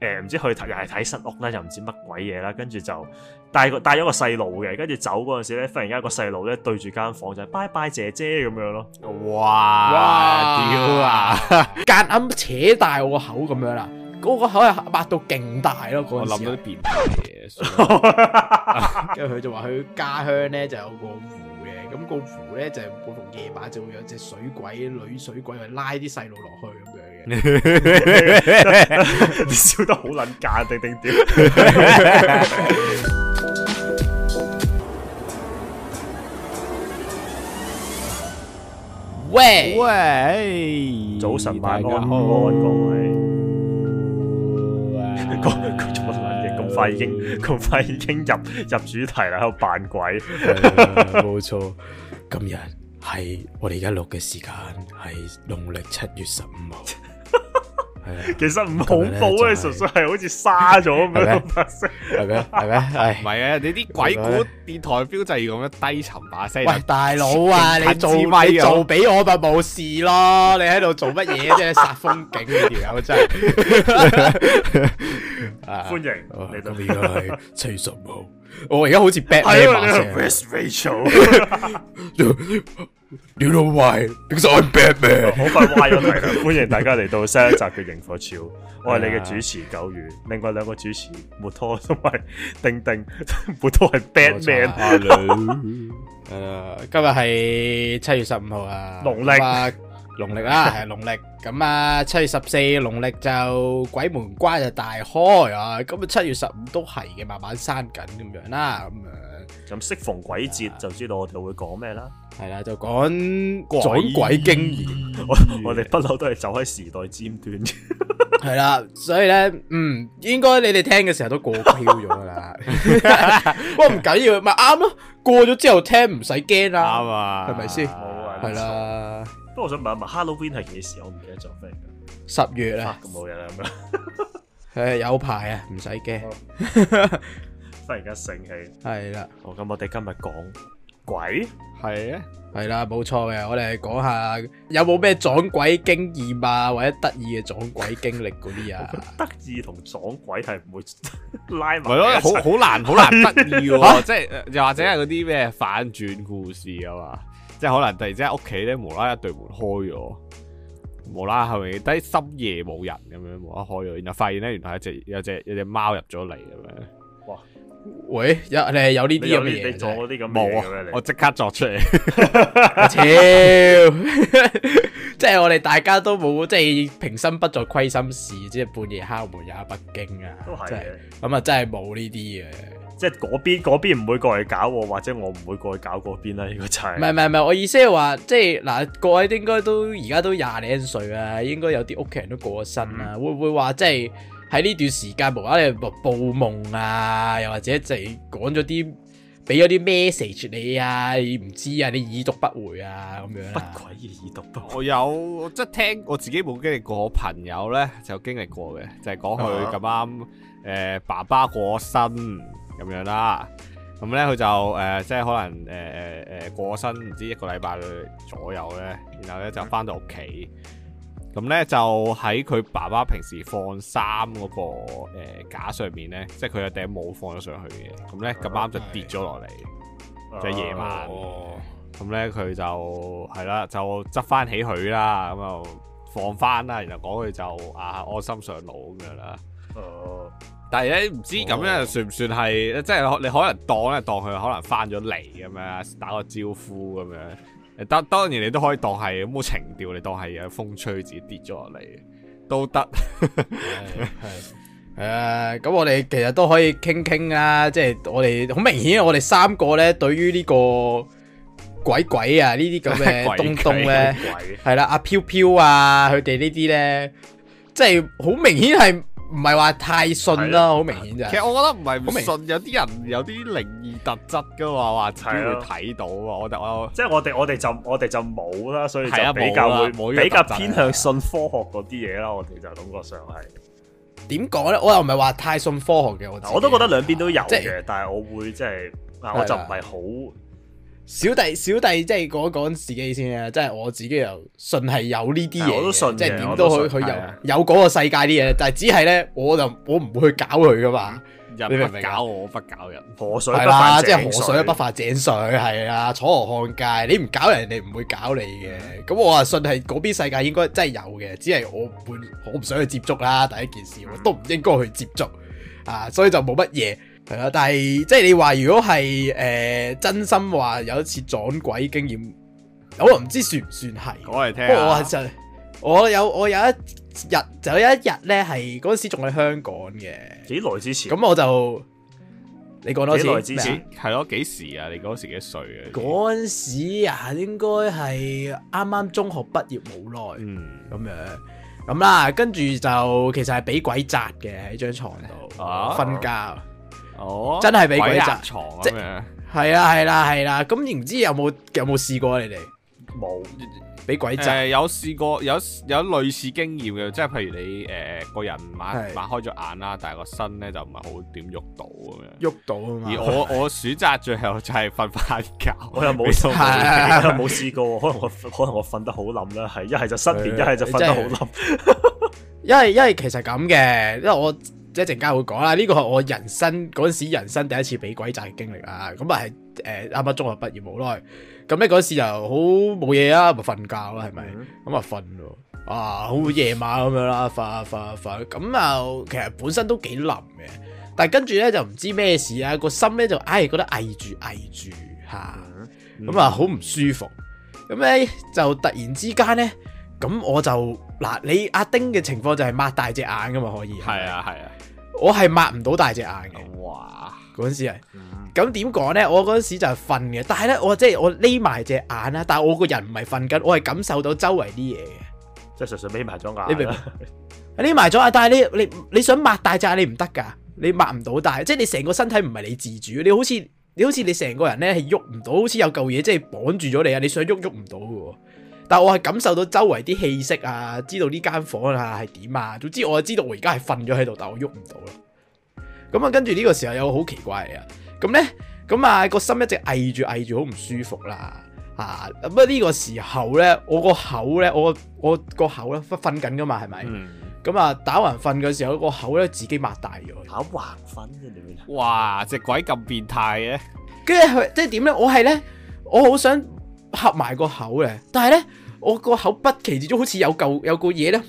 誒唔、呃、知去睇又係睇新屋啦，又唔知乜鬼嘢啦，跟住就帶個帶咗個細路嘅，跟住走嗰陣時咧，忽然間個細路咧對住間房就係拜拜姐姐咁樣咯。哇哇屌啊！間硬 扯大我個口、那個口咁樣啦，嗰、那個口又擘到勁大咯。嗰陣時諗到啲變態嘢，跟住佢就話佢家鄉咧就有個。咁個湖咧就係每逢夜晚就會有隻水鬼、女水鬼去拉啲細路落去咁樣嘅，你笑得好撚假定定點？喂喂，早晨，晚安，各位。發現佢發現已經入入主題啦，喺度扮鬼、 哎。冇錯，今日係我哋而家錄嘅時間係農曆七月十五號。其實唔恐怖啊，純粹係好似沙咗咁樣白色，係咩？係咩？唔係啊！你啲鬼古電台標就係咁樣低沉把聲。喂，大佬啊，你做咪做俾我咪冇事咯，你喺度做乜嘢啫？你殺風景呢條友真係。歡迎嚟到呢個係七十五號，我而家好似劈你把聲。You know why? Because I'm Batman。好快壞咗嚟，歡迎大家嚟到新一集嘅螢火潮，我係你嘅主持九月，另外兩個主持木拖同埋丁丁，木拖係 Batman。誒，今日係七月十五號啊，農曆啊，農曆啦，係農曆。咁啊，七月十四農曆就鬼門關就大開啊，咁啊，七月十五都係嘅，慢慢閂緊咁樣啦，咁樣。咁適逢鬼節，就知道我哋會講咩啦。係啦，就講鬼鬼經驗。我我哋不嬲都係走喺時代尖端。係啦，所以咧，嗯，應該你哋聽嘅時候都過飄咗啦。不過，唔緊要，咪啱咯。過咗之後聽唔使驚啦，啱啊，係咪先？係啦。不過我想問下，唔係，Halloween 係幾時？我唔記得咗。十月啊，咁冇嘢啦。誒，有排啊，唔使驚。突然間醒起，係啦的。哦，咁我哋今日講鬼，係啊的，係啦，冇錯嘅。我哋講下有冇咩撞鬼經驗啊，或者得意嘅撞鬼經歷嗰啲啊？ 得意同撞鬼係唔會拉埋，係咯，好好難，好難得意喎。 即係又或者係嗰啲咩反轉故事啊嘛？即係可能突然之間屋企咧無啦啦一對門開咗，無啦啦後面，但係深夜冇人咁樣無啦啦開咗，然後發現咧原來有一隻有一隻有一隻貓入咗嚟咁樣。喂，你有你係有呢啲咁嘅嘢，做啲咁嘢，我即刻作出嚟。超，即係我哋大家都冇，即係平生不作虧心事，即係半夜敲門也不驚啊。都係，咁啊真係冇呢啲嘅，即係嗰邊嗰邊唔會過嚟搞，或者我唔會過去搞嗰邊啦。呢個就係。唔係唔係唔係，我意思係話，即係嗱，各位應該都而家都廿零歲啊，應該有啲屋企人都過咗身啊，嗯、會唔會話即係？喺呢段時間無啦啦報夢啊，又或者就講咗啲俾咗啲 message 你啊，你唔知啊，你已讀不回啊咁樣啊，不鬼已讀不回。我有，即係聽我自己冇經歷過，我朋友咧就經歷過嘅，就係、是、講佢咁啱誒爸爸過身咁樣啦、啊。咁咧佢就誒、呃、即係可能誒誒誒過身唔知一個禮拜左右咧，然後咧就翻到屋企。咁咧就喺佢爸爸平時放衫嗰、個、呃、架上面咧，即係佢嘅頂帽有放咗上去嘅。咁咧咁啱就跌咗落嚟，就夜晚。咁咧佢就係啦，就執翻起佢啦，咁就放翻啦，然後講佢就啊安心上路咁、oh、樣啦。哦，但係咧唔知咁樣算唔算係，即係你可能當咧當佢可能翻咗嚟咁樣，打個招呼咁樣。當當然你都可以當係冇情調，你當係有風吹自己跌咗落嚟，都得。誒，咁是我哋其實都可以傾傾啦，即係我哋好明顯，我哋三個咧對於呢個鬼鬼啊呢啲咁嘅東東咧，係啦 鬼鬼 阿飄飄啊，佢哋呢啲咧，即係好明顯係。唔係話太信咯，好的明顯啫。其實我覺得唔係唔信，明有啲人有啲靈異特質噶嘛，話齋睇到喎的就。我得即係我哋，我哋就我哋就冇啦，所以就比較會比較偏向信科學嗰啲嘢啦。我哋就感覺上係點講咧？我又唔係話太信科學嘅，我，我都覺得兩邊都有嘅，就是、但係我會即、就、係、是、的我就唔係好。小弟小弟即係講一講自己先啊，即係我自己又信係有呢啲嘢，我都信，即係點都去去有的有嗰個世界啲嘢，但係只係咧我就我唔會去搞佢噶嘛，人不搞我，我不搞人，河水係啦，即係河水不發井水係啊，楚河看界，你唔搞人，你唔會搞你嘅，咁的我啊信係嗰邊世界應該真係有嘅，只係我唔我唔想去接觸啦，第一件事我都唔應該去接觸啊，嗯、所以就冇乜嘢。係啦，但係即係你話如果係誒、呃、真心話有一次撞鬼經驗，我唔知算唔算係講嚟聽不過我係我有我有一日就有一日咧，係嗰陣時仲喺香港嘅幾耐之前。咁我就你講多次幾耐之前係咯？幾麼、啊、時啊？你嗰時幾歲啊？嗰陣時啊，應該係啱啱中學畢業冇耐，嗯，咁樣咁啦。跟住就其實係俾鬼扎嘅喺張床度瞓、啊、覺。哦，真係俾鬼壓床啊！即係，係啊，係啦，係啦。咁唔知有冇有冇試過啊？你哋冇俾鬼壓？有試過，有有類似經驗嘅，即係譬如你誒個人擘擘開咗眼啦，但係個身咧就唔係好點喐到咁樣。喐到啊嘛！而我我選擇最後就係瞓翻下覺。我又冇，冇試過。可能我可能我瞓得好冧啦，係一係就失眠，一係就瞓得好冧。因為因為其實咁嘅，因為我。即係陣間會講啦，呢個係我人生嗰陣時人生第一次俾鬼仔嘅經歷啊！咁啊係誒，啱、呃、啱中學畢業冇耐，咁咧嗰陣時又好冇嘢啊，咪瞓覺啦，係咪？咁啊瞓咯，啊好夜晚咁樣啦，瞓瞓瞓，咁啊其實本身都幾腍嘅，但係跟住咧就唔知咩事、哎、啊，個心咧就唉覺得翳住翳住吓，咁啊好唔舒服，咁咧就突然之間咧，咁我就～嗱，你阿丁嘅情況就係擘大隻眼㗎嘛，可以？係啊，係啊，我係擘唔到大隻眼嘅。哇！嗰陣時啊，咁點講呢？我嗰陣時就瞓嘅，但係呢，我即係、就是、我匿埋隻眼啦，但我個人唔係瞓緊，我係感受到周圍啲嘢嘅。即係純粹眯埋咗眼，匿埋咗啊！但係你你，你，你想擘大隻眼你唔得㗎，你擘唔到大，即、就、係、是、你成個身體唔係你自主，你好似你好似你成個人呢，係喐唔到，好似有嚿嘢即係綁住咗你啊！你想喐喐唔到喎。但我係感受到周圍啲氣息啊，知道呢間房啊係點啊，總之我就知道我而家係瞓咗喺度，但我喐唔到咯。咁啊，跟住呢個時候有好奇怪嘅嘢啊。咁咧，咁啊個心一直嗌住嗌住，好唔舒服啦、啊。啊，咁啊呢個時候咧，我個口咧，我我個口咧瞓緊噶嘛，係咪？咁、嗯、啊打橫瞓嘅時候，個口咧自己擘大咗。打橫瞓嘅點解？哇！隻鬼咁變態嘅、啊。跟住佢即係點咧？我係咧，我好想合埋個口嘅，但係咧。我個口不期之中好似有嚿有個嘢咧，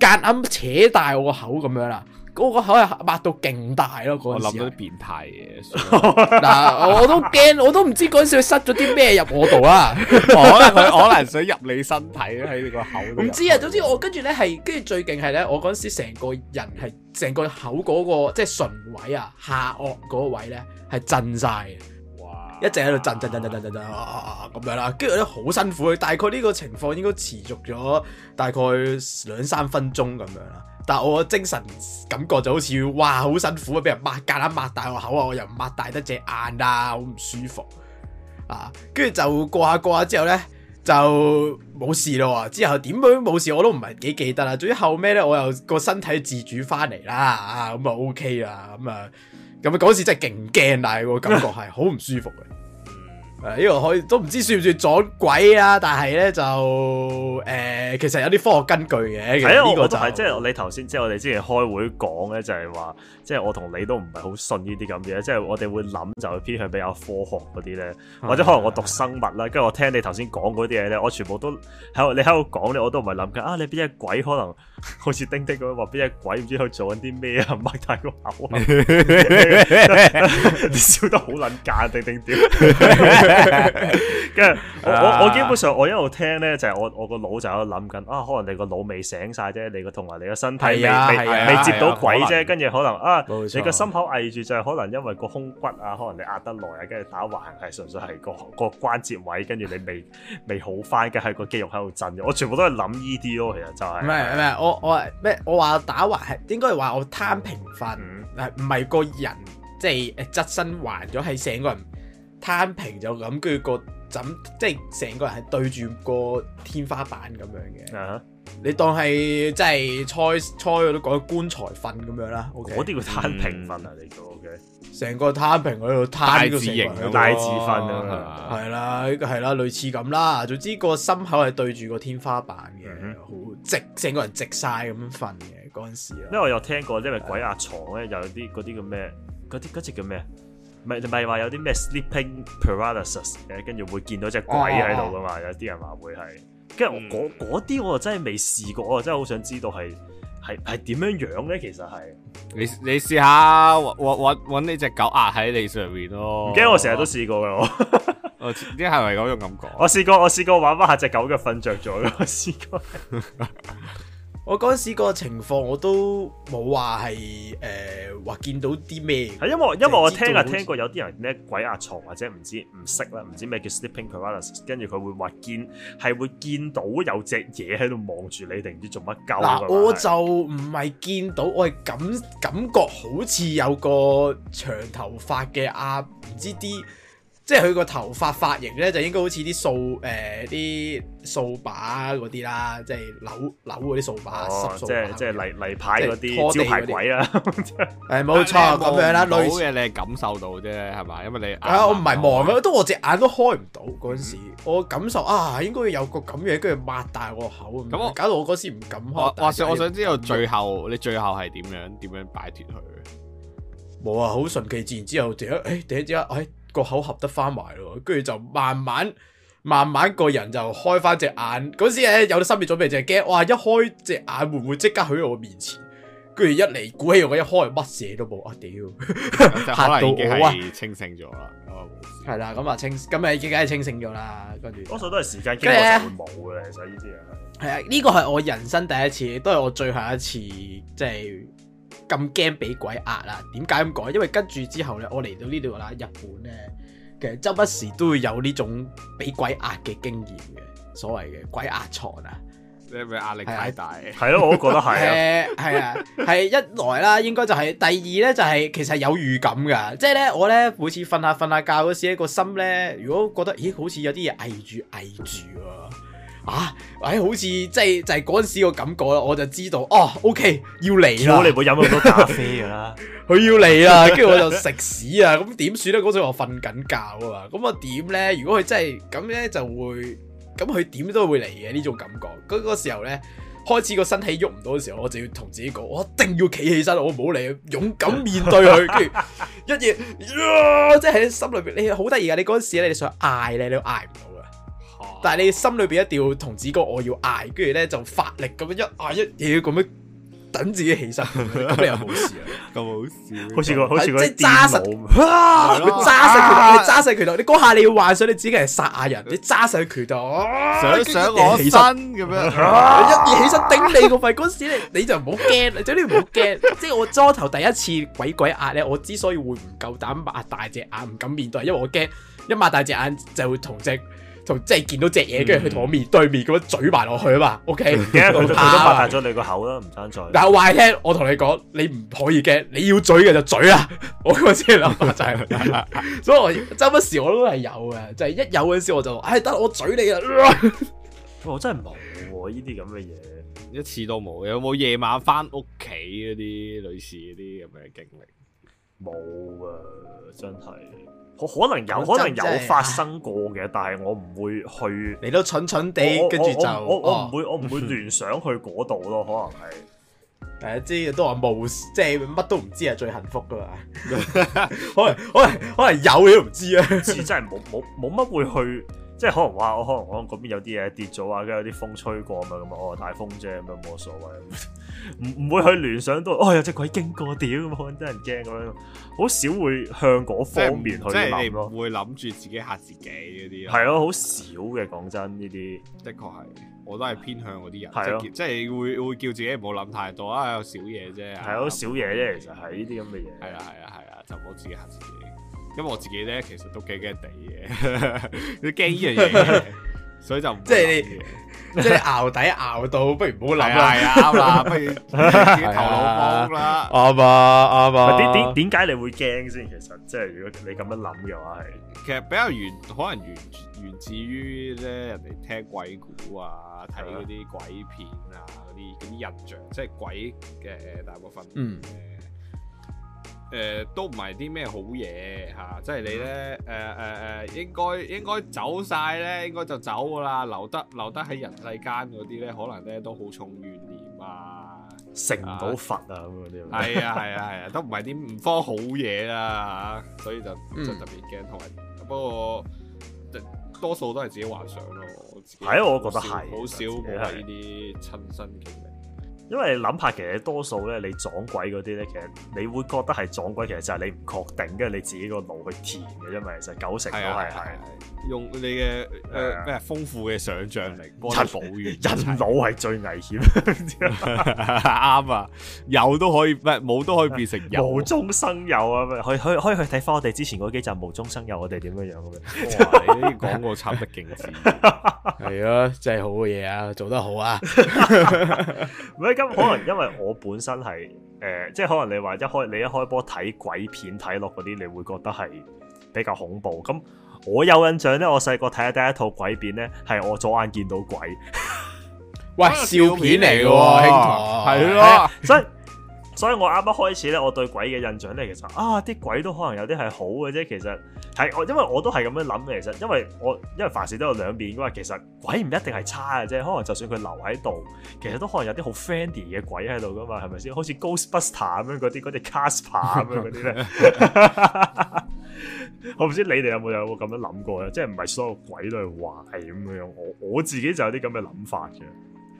夾硬扯大我個口咁樣啦。嗰個口係擘到勁大咯嗰時。我諗到啲變態嘢。嗱， 我都驚，我都唔知嗰陣時佢塞咗啲咩入我度啊。 可能可能想入你身體喺 你個口。唔知啊，總之我跟住咧係跟住最勁係咧，我嗰陣時成個人係成個口嗰個即係唇位啊、下顎嗰位咧係震晒。一直喺度震震震震震震啊咁樣啦，跟住咧好辛苦，大概呢個情況應該持續咗大概兩三分鐘咁樣啦。但係我個精神感覺就好似哇好辛苦啊，俾人擘隔硬擘大個口啊，我又唔擘大得隻眼啊，好唔舒服啊。跟住就過下過下之後呢，就冇事咯。之後點樣冇事我都唔係幾記得啦。最之後尾咧，我又個身體自主翻嚟啦，咁啊 OK 啊，咁啊。嗯 okay 咁啊！嗰次真係勁驚，但係個感覺係好唔舒服嘅。呢個可以都唔知算唔算撞鬼啊，但係咧就誒、呃，其實有啲科學根據嘅。係啊，呢個就係，即係你頭先，即係我哋之前開會講咧，就係話，即係我同你都唔係好信呢啲咁嘅，即係我哋會諗就偏向比較科學嗰啲咧，或者可能我讀生物啦，跟住我聽你頭先講嗰啲嘢咧，我全部都喺你喺度講咧，我都唔係諗嘅。啊，你邊隻鬼可能好似丁丁咁話邊隻鬼唔知去做緊啲咩啊？唔係太過口，笑得好撚假，丁丁點。 跟住我我我基本上我一路聽咧就係我我個腦就有諗緊，啊可能你個腦未醒晒，啫，你個同埋你個身體未未未接到軌啫，跟住可能啊你個心口翳住，就係可能因為個胸骨啊，可能你壓得耐啊，跟住打橫係純粹係個個關節位，跟住你未未好翻嘅係個肌肉喺度震，我全部都係諗依啲咯。其實就係唔係唔係我我咩，我話打橫係應該係話我攤平瞓，唔係個人即係誒側身橫咗係成個人。攤平就咁，跟住個枕，即係成個人係對住個天花板咁樣嘅。Uh huh. 你當係即係初初都講棺材瞓咁樣啦。嗰啲叫攤平瞓啊，你講。O K. 成個攤平喺度攤個形，大字瞓啊，係啦、呢個，係啦，類似咁啦。總之個心口係對住個天花板嘅，好、uh huh. 直，成個人直晒咁樣瞓嘅嗰陣時。因為我有聽過，即係鬼壓牀咧，又有啲嗰啲叫咩？嗰啲嗰隻叫咩？唔係唔係話有啲咩 sleeping paralysis 嘅，跟住會見到隻鬼喺度噶嘛？哦、有啲人話會係，跟住我嗰啲、嗯、我真係未試過，我真係好想知道係係係點樣樣咧？其實係你你試下搵搵搵搵呢隻狗壓喺你上面咯。唔驚怕、哦、我成日都試過噶，我知係咪嗰種感覺？我試過我試過玩翻下隻狗嘅瞓着咗咯，我試過。 我嗰陣時個情況我都冇話係誒話見到啲咩，係因為因為我聽啊像聽過有啲人咧鬼壓、啊、床或者唔知唔識啦，唔知咩叫 sleep paralysis，跟住佢會話見係會見到有隻嘢喺度望住你，定唔知做乜鳩？嗱喊，我就唔係見到，我係感感覺好似有個長頭髮嘅阿唔知啲。即係佢個頭髮髮型咧，就應該好似啲掃誒啲掃把嗰啲啦，即係扭扭嗰啲掃把濕掃，即係即係泥泥牌嗰啲招牌鬼啦。誒，冇錯咁樣啦。好嘅，你係感受到啫，係嘛？因為你係我唔係望啊，都我隻眼都開唔到嗰陣時，我感受啊，應該有個咁樣跟住擘大個口咁，搞到我嗰時唔敢開。話說我想知道最後你最後係點樣點樣擺脫佢？冇啊，好順其自然之後，突然誒，突然之間個口合得翻埋咯，跟住就慢慢慢慢個人就開翻隻眼。嗰時咧有啲心理準備，就驚哇一開隻眼會唔會即刻喺我面前？跟住一嚟鼓起我一開乜嘢都冇。啊屌，嚇到啊！ 清，清醒咗啦，係啦咁啊清，咁啊梗係清醒咗啦。跟住，多數都係時間經過會冇嘅，其實呢啲嘢係啊呢個係我人生第一次，都係我最後一次即係。就是咁驚俾鬼壓啊？點解咁講？因為跟住之後咧，我嚟到呢度啦，日本咧，其實周不時都會有呢種俾鬼壓嘅經驗嘅，所謂嘅鬼壓床啊。你係咪壓力太大？係咯，我都覺得係。誒，係啊，係、 啊啊、一來啦，應該就係、是、第二咧，就係、是、其實有預感㗎，即係咧，我咧每次瞓下瞓下覺嗰時，個心咧，如果覺得咦好似有啲嘢捱住捱住喎。啊，唉、哎，好似即係就係嗰陣時個感覺啦，我就知道哦，OK 要嚟啦。你唔好飲咁多咖啡噶啦。佢 要嚟啦，跟住我就食屎啊！咁點算咧？嗰陣我瞓緊覺啊嘛，咁我點咧？如果佢真係咁咧，就會咁，佢點都會嚟嘅呢種感覺。嗰個時候咧，開始個身體喐唔到嘅時候，我就要同自己講，我一定要企起身，我唔好理，勇敢面對佢。跟住一夜，呃、即係喺你心裏面你好得意啊！你嗰陣時咧，你想嗌咧，你都嗌唔到。但係你心裏邊一定要同子哥我要嗌，跟住咧就發力咁樣一嗌一嘢，要咁樣等自己起身，你又冇事啊？咁好笑，好似個好似個揸實，啊！揸實拳頭，揸實拳頭，你嗰下你要幻想你自己係殺下人，你揸實拳頭，想想我起身咁樣，一嘢起身頂你個肺。嗰時你就唔好驚，總之唔好驚。即係我初頭第一次鬼鬼壓咧，我之所以會唔夠膽擘大隻眼，唔敢面對因為我驚一擘大隻眼就會同隻。就即係見到隻嘢，跟住佢同我面對面咁樣嘴埋落去啊嘛 ，OK？驚到啪！咁都擘大咗你個口啦，唔爭在。嗱，話你聽，我同你講，你唔可以嘅，你要嘴嘅就嘴啊。我先諗就係、是、啦， 所以我周不時我都係有嘅，就係、是、一有嗰時我就，唉、哎，得我嘴你啦。我、呃、真係冇呢啲咁嘅嘢，一次都冇。有冇夜晚返屋企嗰啲類似嗰啲咁嘅經歷？冇啊，真係我可能有，正正可能有發生過嘅， 但係我唔會去。你都蠢蠢地，跟住就我唔 會，我唔會亂想去嗰度咯。可能係大家 知都話冇，即係乜都唔知係最幸福噶嘛。 可能可能可能有嘢都唔知啊， 真係冇冇冇乜會去。即係可能話我可能我嗰邊有啲嘢跌咗啊，跟住有啲風吹過啊，咁啊，哦大風啫，咁啊冇所謂，唔唔會去聯想到哦有隻鬼經過屌咁啊，真係驚咁樣，好少會向嗰方面去諗咯。即係你唔會諗住自己嚇自己嗰啲。係咯，好少嘅。講真呢啲，的確係我都係偏向嗰啲人。係咯，即係會會叫自己唔好諗太多啊，有少嘢啫。係咯，少嘢啫，其實係呢啲咁嘅嘢。係啊，係啊，係啊，就唔好自己嚇自己。因為我自己咧，其實都驚驚哋嘅，要驚呢樣嘢，所以就即係的即係熬底熬到，不如唔好諗係啊，嗱、啊，不如自己頭腦崩啦，啱呀啱呀。點點點解你會驚先？其實即係如果你咁樣諗嘅話，係其實比較源可能源源，源自於咧人哋聽鬼故啊，睇嗰啲鬼片啊，嗰啲咁啲印象，即係鬼嘅大部分。嗯。誒、呃、都唔係啲咩好嘢嚇、啊，即係你咧誒誒誒，應該應該走晒咧，應該就走噶啦，留得留得喺人世間嗰啲咧，可能咧都好重怨念啊，成唔到佛啊咁嗰啲，係啊係啊係啊，都唔係啲唔科好嘢啦嚇，所以就就特別驚，同埋、嗯、不過多數都係自己幻想咯，係啊、哎呀，少我覺得係，好少冇呢啲親身經歷。是因為諗下其實多數咧，你撞鬼嗰啲咧，其實你會覺得係撞鬼，其實就係你唔確定，因為你自己個腦去填嘅啫嘛。其實九成都係用你嘅誒咩豐富嘅想象力人腦人腦係最危險，啱啊！有都可以，唔係冇都可以變成有無中生有啊！可以可以可以去睇翻我哋之前嗰幾集《無中生有》，我哋點樣樣嘅。講個慘不敬止，係啊，真係好嘅嘢啊，做得好啊，唔係。可能因為我本身係誒、呃，即係可能你話一開你一開波睇鬼片睇落嗰啲，你會覺得係比較恐怖。咁我有印象咧，我細個睇第一套鬼片咧，係我左眼見到鬼，喂， 笑片嚟嘅，兄台，係咯，所以。所以我啱啱開始咧，我對鬼嘅印象咧，其實啊，啲鬼都可能有啲係好嘅啫。其實係我，因為我都係咁樣諗嘅。其實因為我因為凡事都有兩面，因為其實鬼唔一定係差嘅啫。可能就算佢留喺度，其實都可能有啲好 friendly 嘅鬼喺度㗎嘛，係咪先？好似 Ghostbuster 咁樣嗰啲，嗰隻 Casper 咁樣嗰啲咧。 我唔知你哋有冇有冇咁樣諗過咧？即係唔係所有鬼都係壞咁樣？我我自己就有啲咁嘅諗法嘅。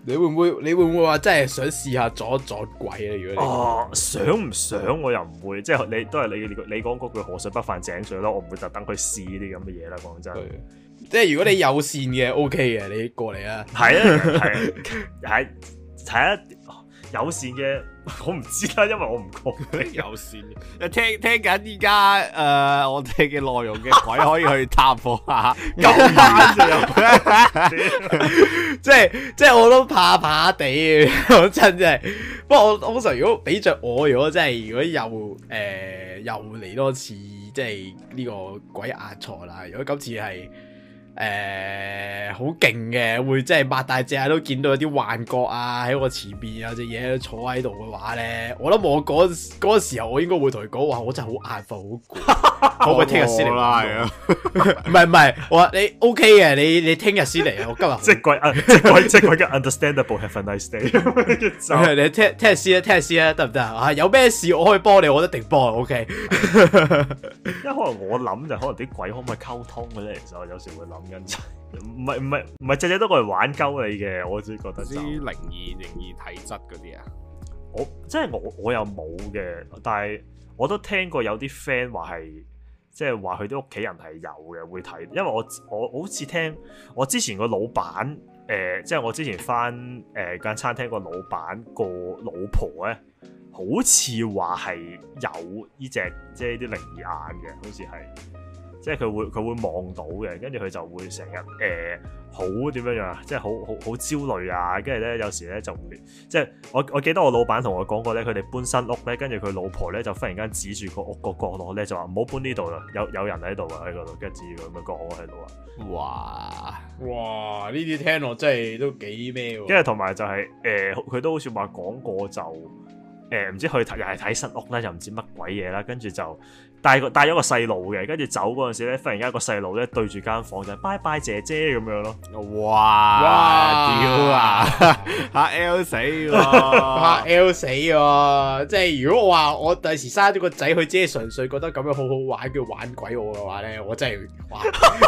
你會唔會你會唔會話真係想試下阻阻鬼啊？如果啊，想唔想我又唔會，即係你都係你你講嗰句河水不犯井水咯，我唔會特登去試呢啲咁嘅嘢啦。講真，即係如果你有線嘅 OK 嘅，你過嚟啊！係啊係啊，睇睇一有線嘅。我唔知啦，因為我唔講有線。聽聽緊依家誒，我哋嘅內容嘅鬼可以去探訪下，咁 即係即係我都怕怕地，講真真係。 不過通常 如，我如果俾着我，如果真係，如果又誒又嚟，呃、多次，即係呢個鬼壓錯啦。如果今次係。誒，好勁嘅，會即係擘大隻眼都見到有啲幻覺啊，喺我前邊有隻嘢坐喺度嘅話咧，我諗我嗰嗰時候，我應該會同佢講話，我真係好眼瞓，好攰，可唔 可以聽日先嚟？唔係唔係，我話你 OK 嘅，你你聽日先嚟啊，我今日即 鬼，即鬼，即鬼嘅 understandable，have a nice day 束。Okay，你聽聽日先啦，聽日先啦，得唔得啊？行行 有咩事我可以幫你，我一定幫。O、okay、K。 因為可能我諗就可能啲鬼可唔可以溝通嘅咧，其實我有時會諗。唔係唔係唔係，隻隻 都過嚟玩鳩你嘅，我自己覺得啲靈異靈異體質嗰啲啊，我即係我我又冇嘅，但係我都聽過有啲 friend 話係，即係話佢啲屋企人係有嘅，會睇，因為我我，我好似聽我之前個老闆，誒、呃，即係我之前翻誒間餐廳個老闆個老婆咧，好似話係有呢隻即係啲靈異眼嘅，好似係。即係佢會佢會望到嘅，跟住佢就會成日誒好點樣樣，即係好好好焦慮啊！跟住咧有時咧就會即係我我記得我老闆同我講過咧，佢哋搬新屋咧，跟住佢老婆咧就忽然間指住個屋個角落咧就話唔好搬呢度啦，有有人喺度啊喺度，跟住指住佢咁樣講喺度啊！哇哇，呢啲聽落真係都幾咩喎！跟住同埋就係、是、誒，佢、呃、都好似話講過就誒，唔、呃、知去又係睇新屋咧，又唔知乜鬼嘢啦，跟住就。帶個帶咗個細路嘅，跟住走嗰陣時咧，忽然間個細路咧對住間房就係拜拜姐姐咁樣咯。哇！屌啊！吓 ，L 死喎！嚇 L 死喎！即係如果我話我第時生咗個仔，佢只係純粹覺得咁樣好好玩，叫玩鬼我嘅話咧，我真係玩，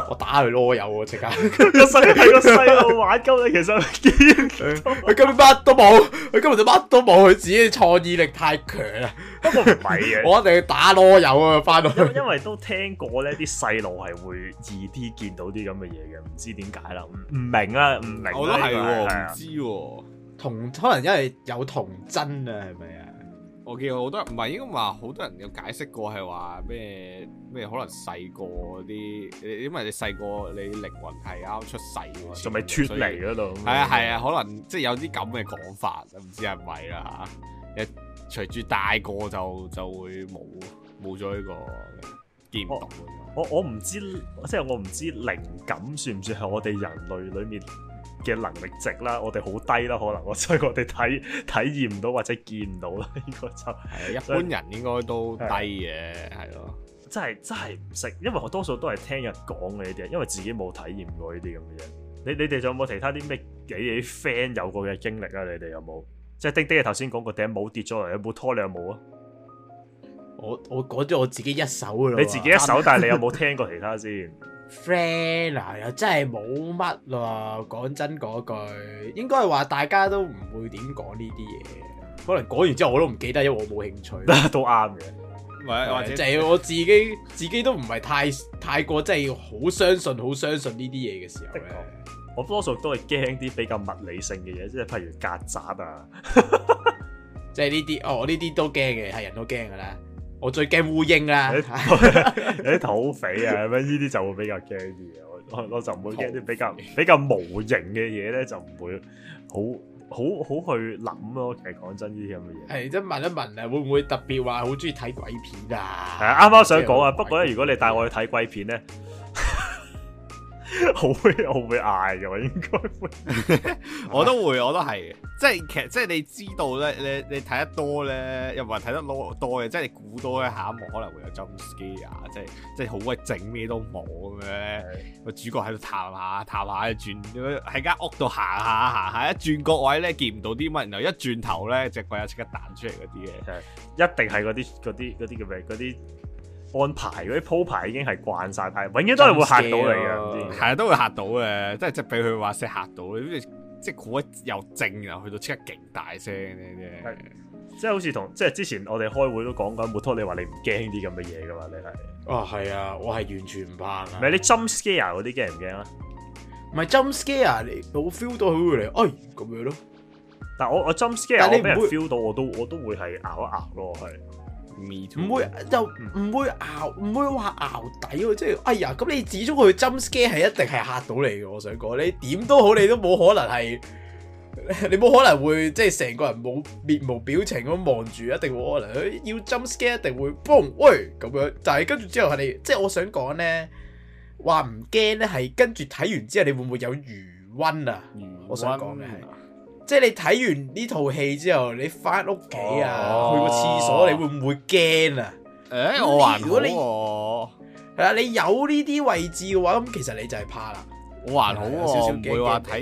我打佢囉柚喎即刻。 個細個細路玩鳩你，其實佢根本乜都冇，佢根本就乜都冇，佢自己嘅創意力太強啊！唔係嘅，我， 我一定打螺友啊翻去因。因為都聽過咧，啲細路係會易啲見到啲咁嘅嘢嘅，唔知點解啦，唔明，明啊，唔明吧。我都係喎，唔知喎，同可能因為有童真啊，係咪啊？我見好多人唔係，應該話好多人有解釋過，係話咩咩可能細個啲，因為你細個你靈魂係啱出世，仲未脫離咗度。係啊係啊，可能即係有啲咁嘅講法，唔知係咪啦誒，隨住大個就就會冇冇咗呢個見唔到我。我我唔知，即係我唔知靈感算唔算係我哋人類裏面嘅能力值啦？我哋好低啦，可能，我所以我哋體體驗唔到或者見唔到啦。應該就係一般人應該都低嘅，係咯。真係真係唔識，因為我多數都係聽人講嘅呢啲，因為自己冇體驗過呢啲咁嘅嘢。你你哋仲有冇其他啲咩嘢？你啲 friend 有過嘅經歷啊？你哋有冇？即係滴滴，你頭先講個頂帽跌咗嚟，有冇拖你有冇啊？我我講咗我自己一手嘅。你自己一手，對的 但係你有冇聽過其他先？friend 啊，又真係冇乜咯。講真嗰句，應該話大家都唔會點講呢啲嘢。可能講完之後我都唔記得，因為我冇興趣。 都啱嘅。或或者，就係我自己， 自己都唔係太太過即係好相信、好相信呢啲嘢嘅時候我多數都係驚啲比較物理性嘅嘢，即係譬如曱甴啊，即係呢啲哦，呢啲都驚嘅，係人都驚噶啦。我最驚烏蠅啊，你睇，你啲 土匪啊，咁樣呢啲就會比較驚啲嘢。我我就唔會驚啲比較，匪比，較比較無形嘅嘢咧，就唔會好好好，好去諗咯，啊。其實講真，呢啲咁嘅嘢係即問一問啊，會唔會特別話好中意睇鬼片啊？係啱啱想講啊，不過咧，如果你帶我去睇鬼片咧。好 會，我會嗌嘅，應該會。我都會， 我都係即係其實，即係你知道咧，你你睇得多咧，又唔係睇得多多嘅，即係估多一下，冇可能會有 j u m 即係即係好鬼整咩都冇咁樣。個是的 主角喺度探下探下探下，轉喺間屋度行下行下，一轉角位咧見唔到啲乜，然後一轉頭咧隻鬼又即刻彈出嚟嗰啲嘅，一定係啲嗰啲嗰啲叫咩？嗰啲。安排嗰啲鋪排已經係慣晒，但 永遠都係會嚇到你嘅，係啊，都會嚇到嘅，都係即係俾佢話聲嚇到，你即係嗰一又靜又去到即刻勁大聲呢啲，即係好似同即係之前我哋開會都講緊，冇拖你話你唔驚啲咁嘅嘢嘅嘛，你係哦，係啊，我係完全唔怕。唔係你 jump scare 嗰啲驚唔驚啊？唔係 jump scare，你冇 feel 到佢會嚟，哎咁樣咯。但係我我 jump scare 你俾人 feel 到，我都我都會係咬一咬咯，係。唔 Me 會又唔會熬，唔會話熬底喎、啊。即係，哎呀，咁你始終去 jump scare 係一定係嚇到你嘅。我想講，你點都好，你都冇可能係你冇可能會即係成個人冇面無表情咁望住，一定會可能要 jump scare 一定會崩喂咁樣。但係跟住之後係你，即係我想講呢，話唔驚呢，係跟住睇完之後，你會唔會有餘温啊？餘溫 我想講嘅係。啊即係你睇完呢套戲之後，你翻屋企啊，oh. 去個廁所，你會唔會驚啊？誒、欸，你我還好、啊。係啊，你有呢啲位置嘅話，咁其實你就係怕啦。我還好、啊，我唔會話睇，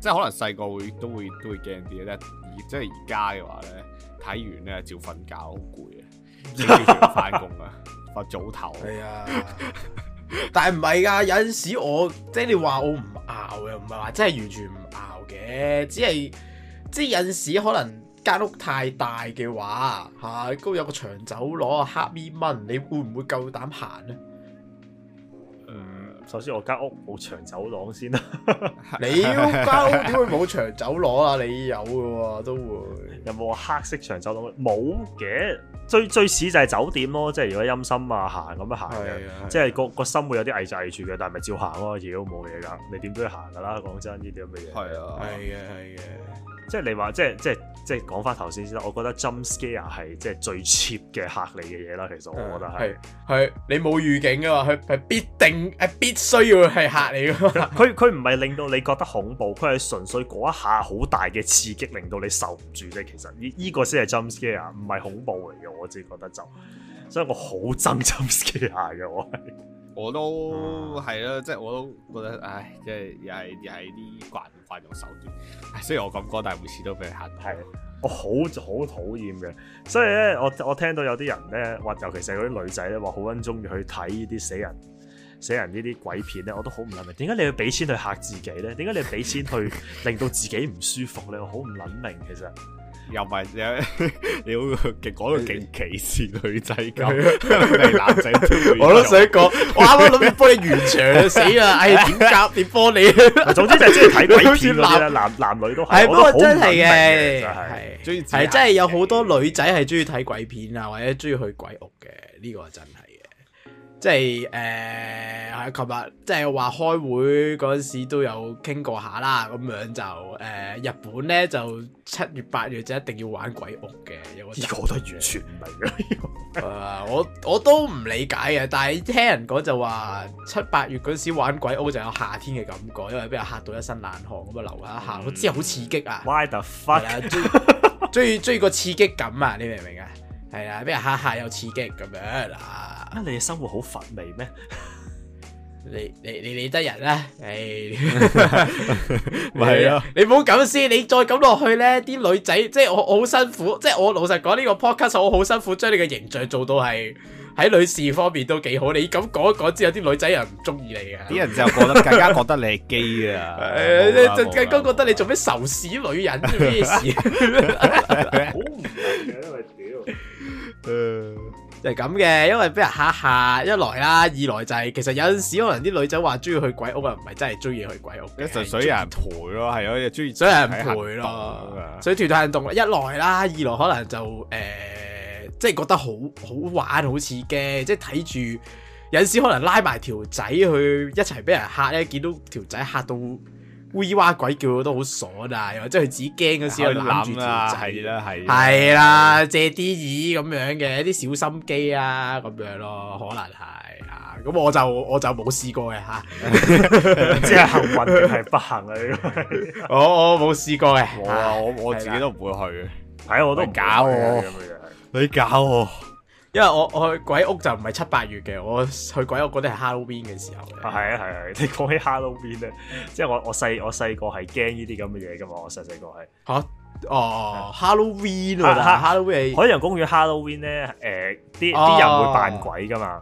即係可能細個會都會都會驚啲咧。即係而家嘅話咧，睇完咧照瞓覺，好攰啊，直接翻工啊，發早頭。係啊，但係唔係噶，有陣時我即係你話我唔拗啊，唔係話即係完全唔拗。嘅，只係即係有時可能間屋太大嘅話，嚇、啊，高有個長走廊黑衣蚊，你會唔會夠膽行呢？首先我間屋冇長走廊先啦，你間屋點會冇長走廊啊？你有嘅喎，都會。有冇黑色長走廊？冇嘅，最最屎就係酒店咯，即係如果陰森啊行咁樣行嘅，即係個個心會有啲危滯住嘅，但係咪照行，行咯？如果冇嘢噶，你點都要行噶啦。講真的，呢啲咁嘅嘢，係啊、嗯，係嘅，係嘅。即係你話，即係即係即係講翻頭先先啦。我覺得 jump scare 係即係最 cheap 嘅嚇你嘅嘢啦。其實我覺得係係你冇預警噶嘛，佢係必定誒必須要係嚇你噶啦。佢佢唔係令到你覺得恐怖，佢係純粹嗰一下好大嘅刺激，令到你受唔住啫。其實呢呢個先係 jump scare，唔係恐怖嚟嘅。我自己覺得就，所以我好憎 jump scare 嘅我係。我都係咯，即係我都覺得，唉，即係又係又係啲慣慣用手段。雖然我咁講，但係每次都俾人嚇到。我好好討厭嘅，所以咧，嗯、我我聽到有啲人咧，話尤其是嗰啲女仔咧，話好撚中意去睇呢啲死人死人呢啲鬼片咧，我都好唔諗明，點解你要俾錢去嚇自己咧？點解你要俾錢去 令到自己唔舒服咧？我好唔諗明，其實。又唔係你咪又屌，講到勁歧視女仔咁， 男仔我都想講，我啱啱諗住幫你圓場死啦，哎，點夾點幫你？ 總之就係中意睇鬼片啦， 男男女都係，不過真係嘅，係中意係真係有好多女仔係中意睇鬼片啊，或者中意去鬼屋嘅，呢、呢個真係。即係誒，喺琴日即係話開會嗰陣時都有傾過下啦，咁樣就誒、呃，日本咧就七月八月就一定要玩鬼屋嘅。呢個我都完全唔明啊！我我都唔理解嘅，但係聽人講就話七八月嗰時玩鬼屋就有夏天嘅感覺，因為俾人吓到一身冷汗咁啊，流下汗，我知好刺激啊！Why the fuck？、啊、追 追個刺激感啊！你明唔明啊？係啊，俾人吓下有刺激咁樣啊！啊！你嘅生活好乏味咩？你你你你得人咧？哎，唔係啊！你唔好咁先，你再咁落去咧，啲女仔即係我我好辛苦，即係我老實講呢個 podcast 我好辛苦，將你嘅形象做到係喺女士方面都幾好。你咁講一講之後，啲女仔又唔中意你嘅，啲人就覺得更加覺得你係 gay 啊！誒，更加覺得你做咩仇視女人咩事？嗯。係咁嘅，因為俾人嚇一嚇一來啦，二來就係、是、其實有陣時可能啲女仔話中意去鬼屋啊，唔係真係中意去鬼屋，純粹有人陪咯，係咯，中意，所有人陪咯，人陪所以團體行動、嗯、一來啦，二來可能就誒，即、欸、係、就是、覺得好好玩，好刺激，即係睇住有陣時可能拉埋條仔去一齊俾人嚇咧，見到條仔嚇到。烏鴉鬼叫都好傻噶，又即自己驚嗰時去諗啦，係啦係，係啦，啦借啲耳咁樣嘅，一啲小心機啊咁樣咯，可能係啊，咁我就我就冇試過嘅吓，即係幸運定係不幸啊呢個，我我冇試過嘅、啊，我我的我自己都唔會去嘅，係我都唔搞我，你搞我。 因為我我去鬼屋就唔係七八月嘅，我去鬼屋嗰啲係 Halloween 嘅時候。啊，係啊，係啊，你講起 Halloween 咧，即係我我細我細個係驚呢啲咁嘅嘢噶嘛，我細細個係嚇哦 Halloween 啊，Halloween 海洋公園 Halloween 咧，誒啲啲人會扮鬼噶嘛，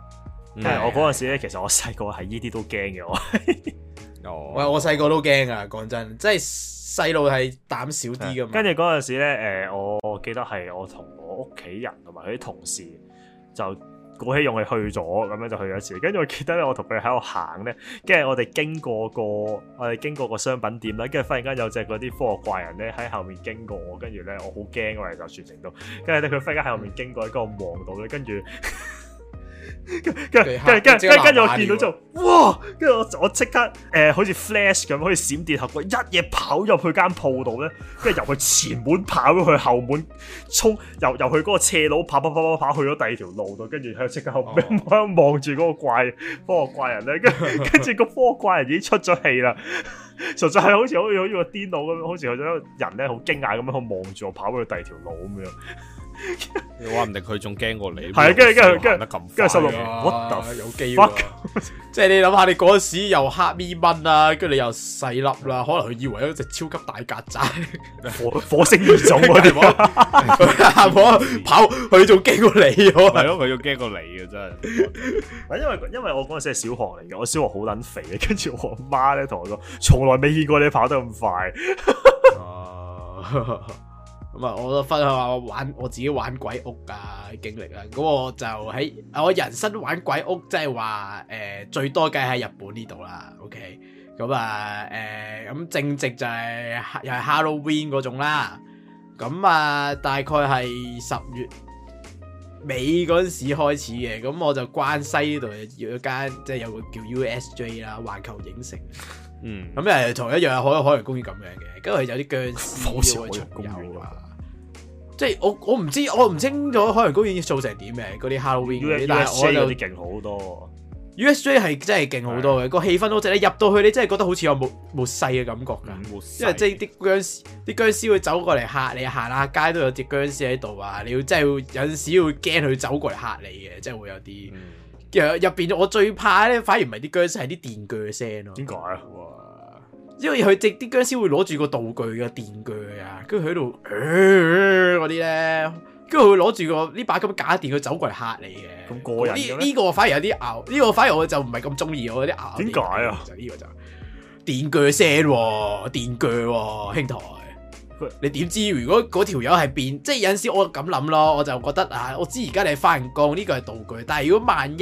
但係我嗰陣時咧，其實我細個係呢啲都驚嘅，我我我細個都驚啊，講真，即係細路係膽小啲噶嘛。跟住嗰陣時咧，誒我我記得係我同我屋企人同埋佢啲同事。就鼓起勇氣去咗，咁樣就去咗一次。跟住我記得咧，我同佢喺度行咧，跟住我哋經過個，我哋經過個商品店咧，跟住忽然間有隻嗰啲科學怪人咧喺後面經過我，跟住咧我好驚我哋就全程度，跟住咧佢忽然間喺後面經過喺嗰度望到咧，跟住。 跟住，跟跟跟跟住我見到就哇！跟住 我，我即刻誒，好似 flash 咁，好似閃電俠鬼，一嘢跑入去間鋪度咧，跟住由佢前門跑咗去後門，衝由由佢嗰個斜路跑跑跑跑跑去咗第二條路度，跟住喺即刻後望住嗰個科學怪人咧，跟跟住個科學怪人已經出咗氣啦，實在係好似好似好似個癲佬咁，好似佢一個人咧好驚訝咁樣去望住我，跑去第二條路咁樣。你話唔定佢仲驚過你。係啊，跟住跟住跟住得咁快啊，有機啊！即係你諗下，你嗰時又黑咪蚊啊，跟住你又細粒啦，可能佢以為一隻超級大曱甴，火星異種啊！我哋跑佢仲驚過你，係咯，佢仲驚過你啊，真係。因為因為我嗰時係小學嚟嘅，我小學好撚肥嘅，跟住我阿媽咧同我講，從來未見過你跑得咁快。咁啊，我都分享下我玩我自己玩鬼屋啊經歷啊，咁我就喺我人生玩鬼屋，即係話誒最多梗喺日本呢度啦。OK，咁啊誒，咁、呃、正值就係、是、又係 Halloween 嗰種啦。咁啊，大概係十月尾嗰陣時開始嘅，咁我就關西呢度有一間即係、就是、有個叫 USJ 啦，環球影城。嗯，咁又係同一樣，海海洋公園咁樣嘅，跟住有啲殭屍嘅巡遊啊，即係我我唔知，我唔清楚海洋公園做成點嘅嗰啲 Halloween，但係我就有啲勁好多。USJ 係真係勁好多嘅，個氣氛都即係你入到去，你真係覺得好似有末末世嘅感覺㗎，因為即係啲殭屍，啲殭屍會走過嚟嚇你，行下街都有隻殭屍喺度啊！你要真係有陣時會驚佢走過嚟嚇你嘅，真係會有啲入入邊我最怕咧，反而唔係啲殭屍，係啲電鋸聲咯。點解啊？因為佢直啲僵屍會攞住個道具嘅電鋸啊，跟住佢喺度嗰啲咧，跟住佢攞住個呢把咁假電，佢走過嚟吓你嘅。咁過癮呢、呢個呢個反而有啲拗，呢、呢個反而我就唔係咁中意我啲拗。點解啊？就呢個就電鋸聲，電鋸、啊，兄台。你點知如果嗰條友係變？即係有陣時我咁諗咯，我就覺得啊，我知而家你係翻工，呢個係道具，但係如果萬一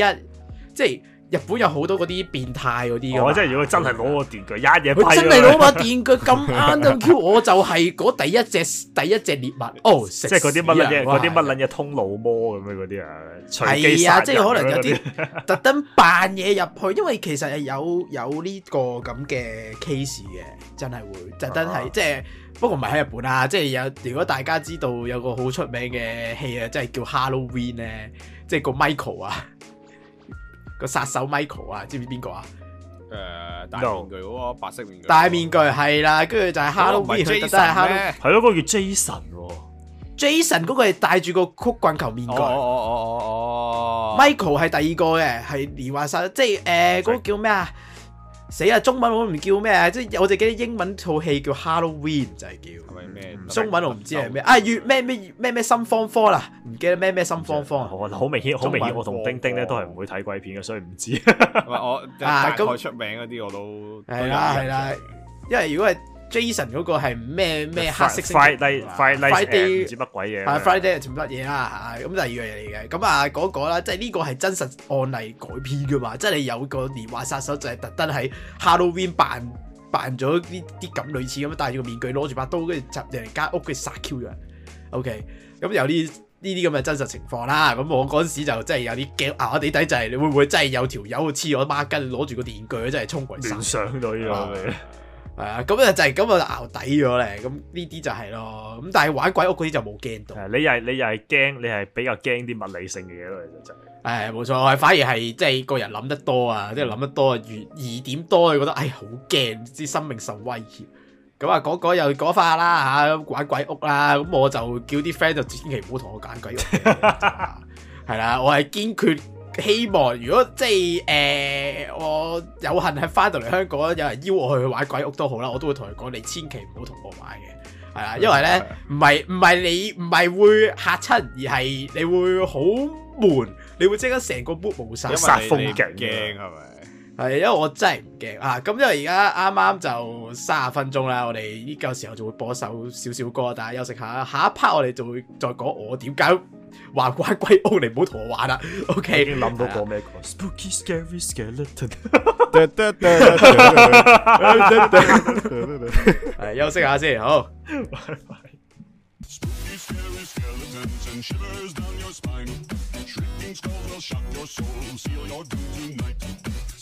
即係。日本有好多嗰啲變態嗰啲咁，我真係如果真係攞個電鋸一嘢批，佢真係攞把電鋸咁啱到我就係嗰第一隻第一隻獵物哦！即係嗰啲乜撚嘢，嗰啲乜撚嘢通路魔咁樣嗰啲啊，取機殺係啊，即係可能有啲特登扮嘢入去，因為其實係有有呢個咁嘅 case 嘅，真係會特登係即係。不過唔係喺日本啊，即係有如果大家知道有個好出名嘅戲啊，即係叫 Halloween 咧，即係個 Michael 啊。個殺手 Michael 啊，知唔知邊個啊？誒大面具嗰個，No. 白色面具。大面具係啦，跟住、那個、吧就係 Halloween，佢特登係 Halloween。係咯，嗰、嗯嗰個月 Jason、啊。Jason 嗰個係戴住個曲棍球面具。哦哦哦，哦哦哦哦。Michael 係第二個嘅，係連環殺，即係誒嗰個叫咩啊？死啊！中文我唔叫咩啊，即係我哋嘅英文套戲叫《Halloween》，就係叫。是是中文我唔知係咩啊，粵咩咩咩咩《心慌慌》啦，唔記得咩咩《心慌慌》好麼明顯，好文明顯，我同丁丁咧都係唔會睇鬼片嘅，所以唔知。唔 係、啊、我，但出名嗰啲我都。係啦、啊，係啦，因為如果係。Jason 嗰個係咩咩黑色星期五？Friday 唔知乜鬼嘢 Friday 嘢啦嚇？咁第二樣嘢嚟嘅，咁啊嗰個啦，即係呢個係真實案例改編噶嘛？即係有個連環殺手就係特登喺 Halloween 扮扮咗啲啲咁類似咁，戴住個面具攞住把刀跟住入人間屋跟住殺 Q 咗、okay。OK，咁有啲呢啲咁嘅真實情況啦。咁我嗰陣時就真係有啲驚，啞啞地底就係、是、你會唔會真係有條友黐我孖筋攞住個電鋸真係衝鬼上殺？聯想咗呢樣係啊，咁啊就係咁啊熬底咗咧，咁呢啲就係咯，咁但係玩鬼屋嗰啲就冇驚到。你又係你又係驚，你係比較驚啲物理性嘅嘢咯，其實就係。誒、哎，冇錯，我係反而係即係個人諗得多啊，即係諗得多，疑疑點多，就覺得哎好驚，知生命受威脅。咁啊，講講又講翻啦吓，玩鬼屋啦，咁、啊、我就叫啲 friend 就千祈唔好同我玩鬼屋。係 啦，我係堅決。希望如果即係誒、呃、我有幸係翻到嚟香港，有人邀我去玩鬼屋都好啦，我都會同佢講，你千祈唔好同我玩嘅，係啦，因為咧唔係唔係你唔係會嚇親，而係你會好悶，你會即刻成個 mood 冇曬，因為殺風景，驚係咪？係，因為我真係唔驚啊！咁因為而家啱啱就三十分鐘啦，我哋呢個時候就會播首少少歌，大家休息下。下一 part 我哋就會再講我點解還關鬼屋嚟，唔好同我玩啦。OK，諗到個咩歌？Spooky scary skeleton，係，休息下先，好。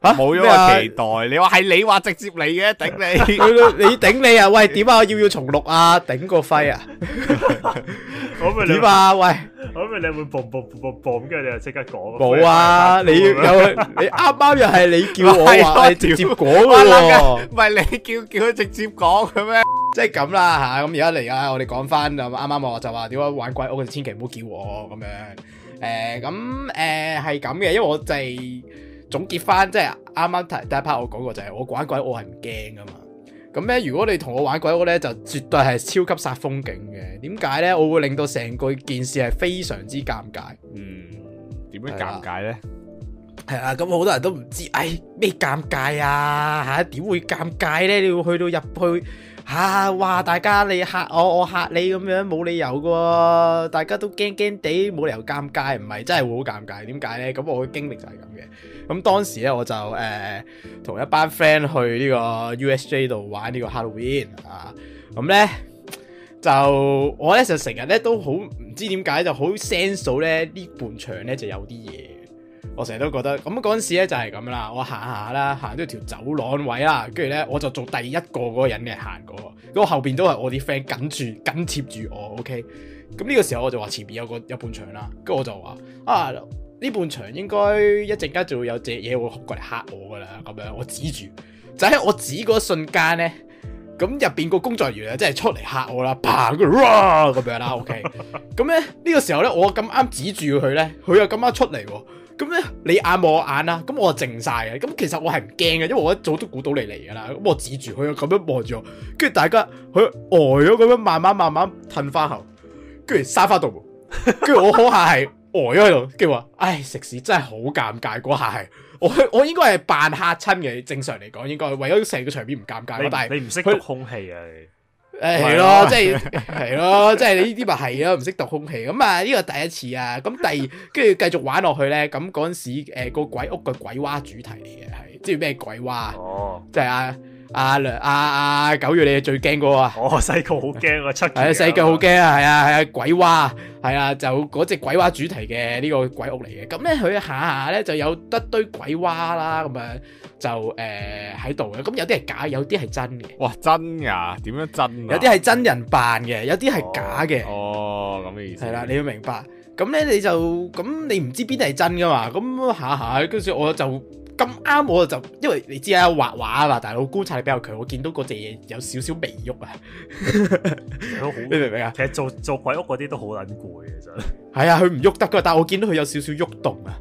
冇咗個期待，你話係你話直接嚟嘅頂你，你頂你啊？喂，點啊？要唔要重錄啊？頂個肺啊？點啊？喂，點啊？喂，咁你會 boom boom boom boom boom，跟住你就即刻講冇啊？你要有你啱啱又係你叫我，我直接講噶咯，唔係你叫叫佢直接講嘅咩？即係咁啦吓，咁而家嚟啊，我哋講翻啊，啱啱我就話點啊，玩鬼屋千祈唔好叫我咁樣誒，咁誒係咁嘅，因為我哋。總結翻，即係啱啱提第一 part 我講過，就係我玩鬼屋，我係唔驚㗎嘛，咁咧如果你同我玩鬼屋咧就絕對係超級殺風景嘅。點解咧？我會令到成個件事係非常之尷尬。嗯，點樣尷尬咧？係啊，咁好、啊、多人都唔知，哎咩尷尬啊嚇？點、啊、會尷尬咧？你要去到入去。嚇、啊！哇！大家你嚇我，我嚇你咁樣冇理由嘅喎，大家都驚驚地，冇理由尷尬，唔係真係會好尷尬。點解呢？咁我嘅經歷就係咁嘅。咁當時咧，我就誒同、呃、一班 friend 去呢個 USJ 度玩呢個 Halloween 啊。咁咧就我呢，就成日呢都好唔知點解就好 sense 到呢，呢半場呢就有啲嘢。我成日都覺得咁嗰陣時咧就係咁啦。我行下啦，行到條走廊位啦，跟住咧我就做第一個嗰個人嘅，行嗰個，咁後邊都係我啲 friend 緊住緊貼住我。OK，咁呢個時候我就話前面有個有半場啦，跟住我就話啊，呢半場應該一陣間就會有隻嘢會過嚟吓我噶啦。咁樣我指住，就喺、是、我指嗰一瞬間咧，咁入邊個工作人員真係出嚟吓我啦，啪，咁樣啦。OK，咁咧呢個時候咧我咁啱指住佢咧，佢又咁啱出嚟。咁咧，你眼望我眼啦，咁我就靜晒嘅。咁其實我係唔驚嘅，因為我一早都估到你嚟噶啦。咁我指住佢，咁樣望住我，跟住大家佢呆咗，咁樣慢慢慢慢褪翻後，跟住閂返道門，跟住我嗰下係呆咗喺度，跟住話：唉，食屎真係好尷尬，嗰下係我我應該係扮嚇親嘅。正常嚟講，應該為咗成個場面唔尷尬。你但佢你你唔識讀空氣啊？誒係咯，即係係咯，即係呢啲咪係咯，唔識讀空氣咁啊！呢個第一次啊，咁第二跟住繼續玩落去咧，咁嗰陣時誒個鬼屋嘅鬼娃主題嚟嘅係，即係咩鬼娃？哦，即係啊！阿阿阿九月，你最驚嗰個啊？我細個好驚啊， 七係啊！細個好驚啊，係啊！係啊！鬼娃係啊，就嗰隻鬼娃主題嘅呢個鬼屋嚟嘅。咁咧佢下下咧就有一堆鬼娃啦，咁樣就誒喺度嘅。咁、呃、有啲係假，有啲係真嘅。哇！真㗎？點樣真，啊？有啲係真人扮嘅，有啲係假嘅、哦。哦，咁、那、嘅、個、意思係啦。你要明白。咁咧你就咁你唔知邊啲係真㗎嘛？咁下下跟住我就。咁啱我就，因為你知啊，畫畫啊嘛，大佬觀察力比較強，我見到嗰隻嘢有少少微喐啊， 很 你明唔明啊？其實做做鬼屋嗰啲都好捻攰嘅其實，係 啊，佢唔喐得噶，但我見到佢有少少喐動啊，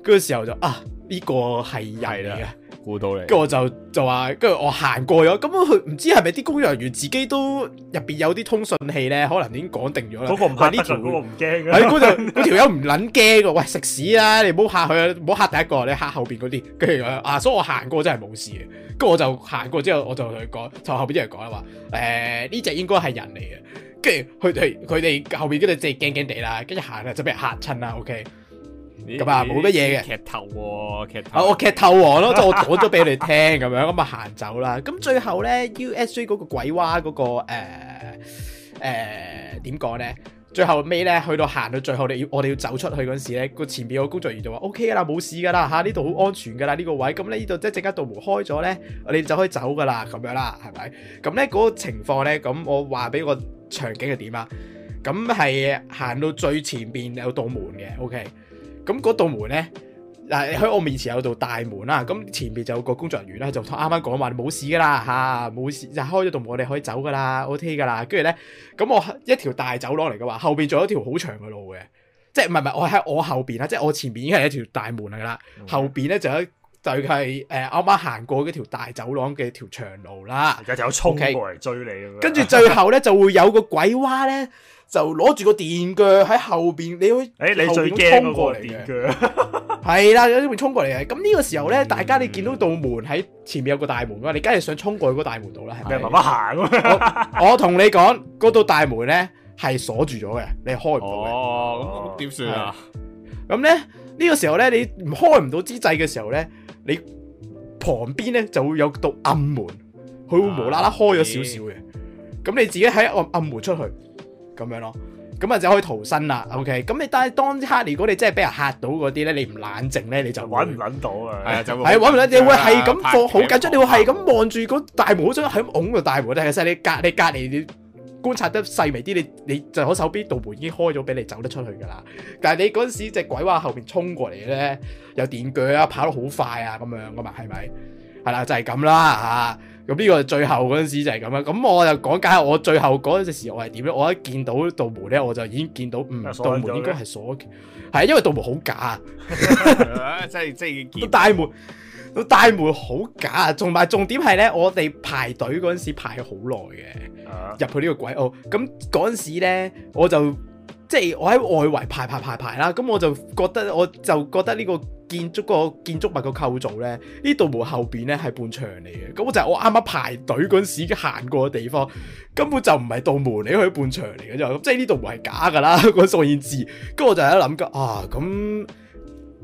嗰個時候就啊，呢、這個係人嚟嘅。跟住我就就話，跟住我行過咗，咁佢唔知係咪啲工作人員自己都入邊有啲通訊器咧，可能已經講定咗啦。嗰個唔怕呢，嗰個唔驚啊。喺嗰陣，條友唔撚驚噶，喂食屎啦！你唔好嚇佢啊，唔好嚇第一個，你嚇後邊嗰啲。跟住啊，所以我行過真係冇事嘅。跟住我就行過之後，我就同佢講，就後邊啲人講啦，話誒呢隻應該係人嚟嘅。跟住佢哋，佢哋後邊嗰隻驚驚地啦，跟住行就俾人嚇親啦。OK。咁啊，冇乜嘢嘅劇透喎，劇透我劇透我咯，即我講咗俾你聽咁樣咁啊，行走啦。咁最後咧，U S A 嗰個鬼娃嗰、嗰個誒誒，點講咧？最後尾咧，去到行到最後，我哋要我哋要走出去嗰陣時咧，個前邊個工作人員就話 O K 啦，冇、OK、事噶啦吓，呢度好安全噶啦呢個位。咁咧呢度即係即刻道門開咗咧，我哋就可以走噶啦，咁樣啦，係咪？咁咧嗰個情況咧，咁我話俾個場景係點啊？咁係行到最前邊有道門嘅，O K。OK。咁嗰道門咧，嗱喺我面前有道大門啦。咁前面就有個工作人員咧就同啱啱講話冇事噶啦吓，冇、啊、事就開咗道門，我哋可以走噶啦，O K 噶啦。跟住咧，咁我一條大走廊嚟嘅話，後邊仲有一條好長嘅路嘅，即係唔係唔係我喺我後邊啦，即係我前面已經係一條大門嚟啦。Okay. 後邊咧就係就係誒啱啱行過嗰條大走廊嘅條長路啦，而家就有衝過嚟追你，Okay. 跟住最後咧 就會有個鬼娃咧。就攞住個電鋸喺後邊，你會後邊沖過嚟嘅，係啦，喺後邊沖過嚟嘅。咁呢個時候咧，大家你見到道門喺前面有個大門㗎，你梗係想沖過去嗰個大門度啦，係咪慢慢行？我我同你講，嗰道大門咧係鎖住咗嘅，你開唔到嘅。哦，咁點算啊？咁咧呢個時候咧，你唔開唔到之際嘅時候咧，你旁邊咧就會有道暗門，佢會無啦啦開咗少少嘅。咁你自己喺暗暗門出去。咁樣咯，咁啊就可以逃生啦。OK，咁你但係當刻如果你真係俾人嚇到嗰啲咧，你唔冷靜咧，你就搵唔搵到啊。係 啊，就係搵唔到，啊你。你會係咁放好緊張，你會係咁望住嗰大門，好想喺咁拱個大門。但係犀利，隔你隔籬觀察得細微啲，你你，你，你就可手邊道門已經開咗，俾你走得出去噶啦。但係你嗰陣時隻鬼話後邊衝過嚟咧，有電鋸啊，跑得好快啊，咁樣噶嘛，係咪？係啦，就係咁啦吓。咁呢個就最後嗰陣時就係咁啦。咁我就講解下我最後嗰陣時我係點樣。我一見到道門咧，我就已經見到，嗯，道門應該係鎖，係啊，因為道門好假啊。即係即係，到大門，到大 門好假啊。同埋重點係咧，我哋排隊嗰陣時排咗好耐嘅，uh huh。入去呢個鬼屋。咁嗰陣時咧，我就。即係我喺外圍排排排排啦，咁我就覺得，我就覺得呢個建築，嗰個建築物個構造咧，呢道門後邊咧係半牆嚟嘅，咁我就係我啱啱排隊嗰陣時已經行過嘅地方，根本就唔係道門，你係半牆嚟嘅就咁，即係呢度門係假噶啦嗰個字，跟住我就喺度諗緊啊咁。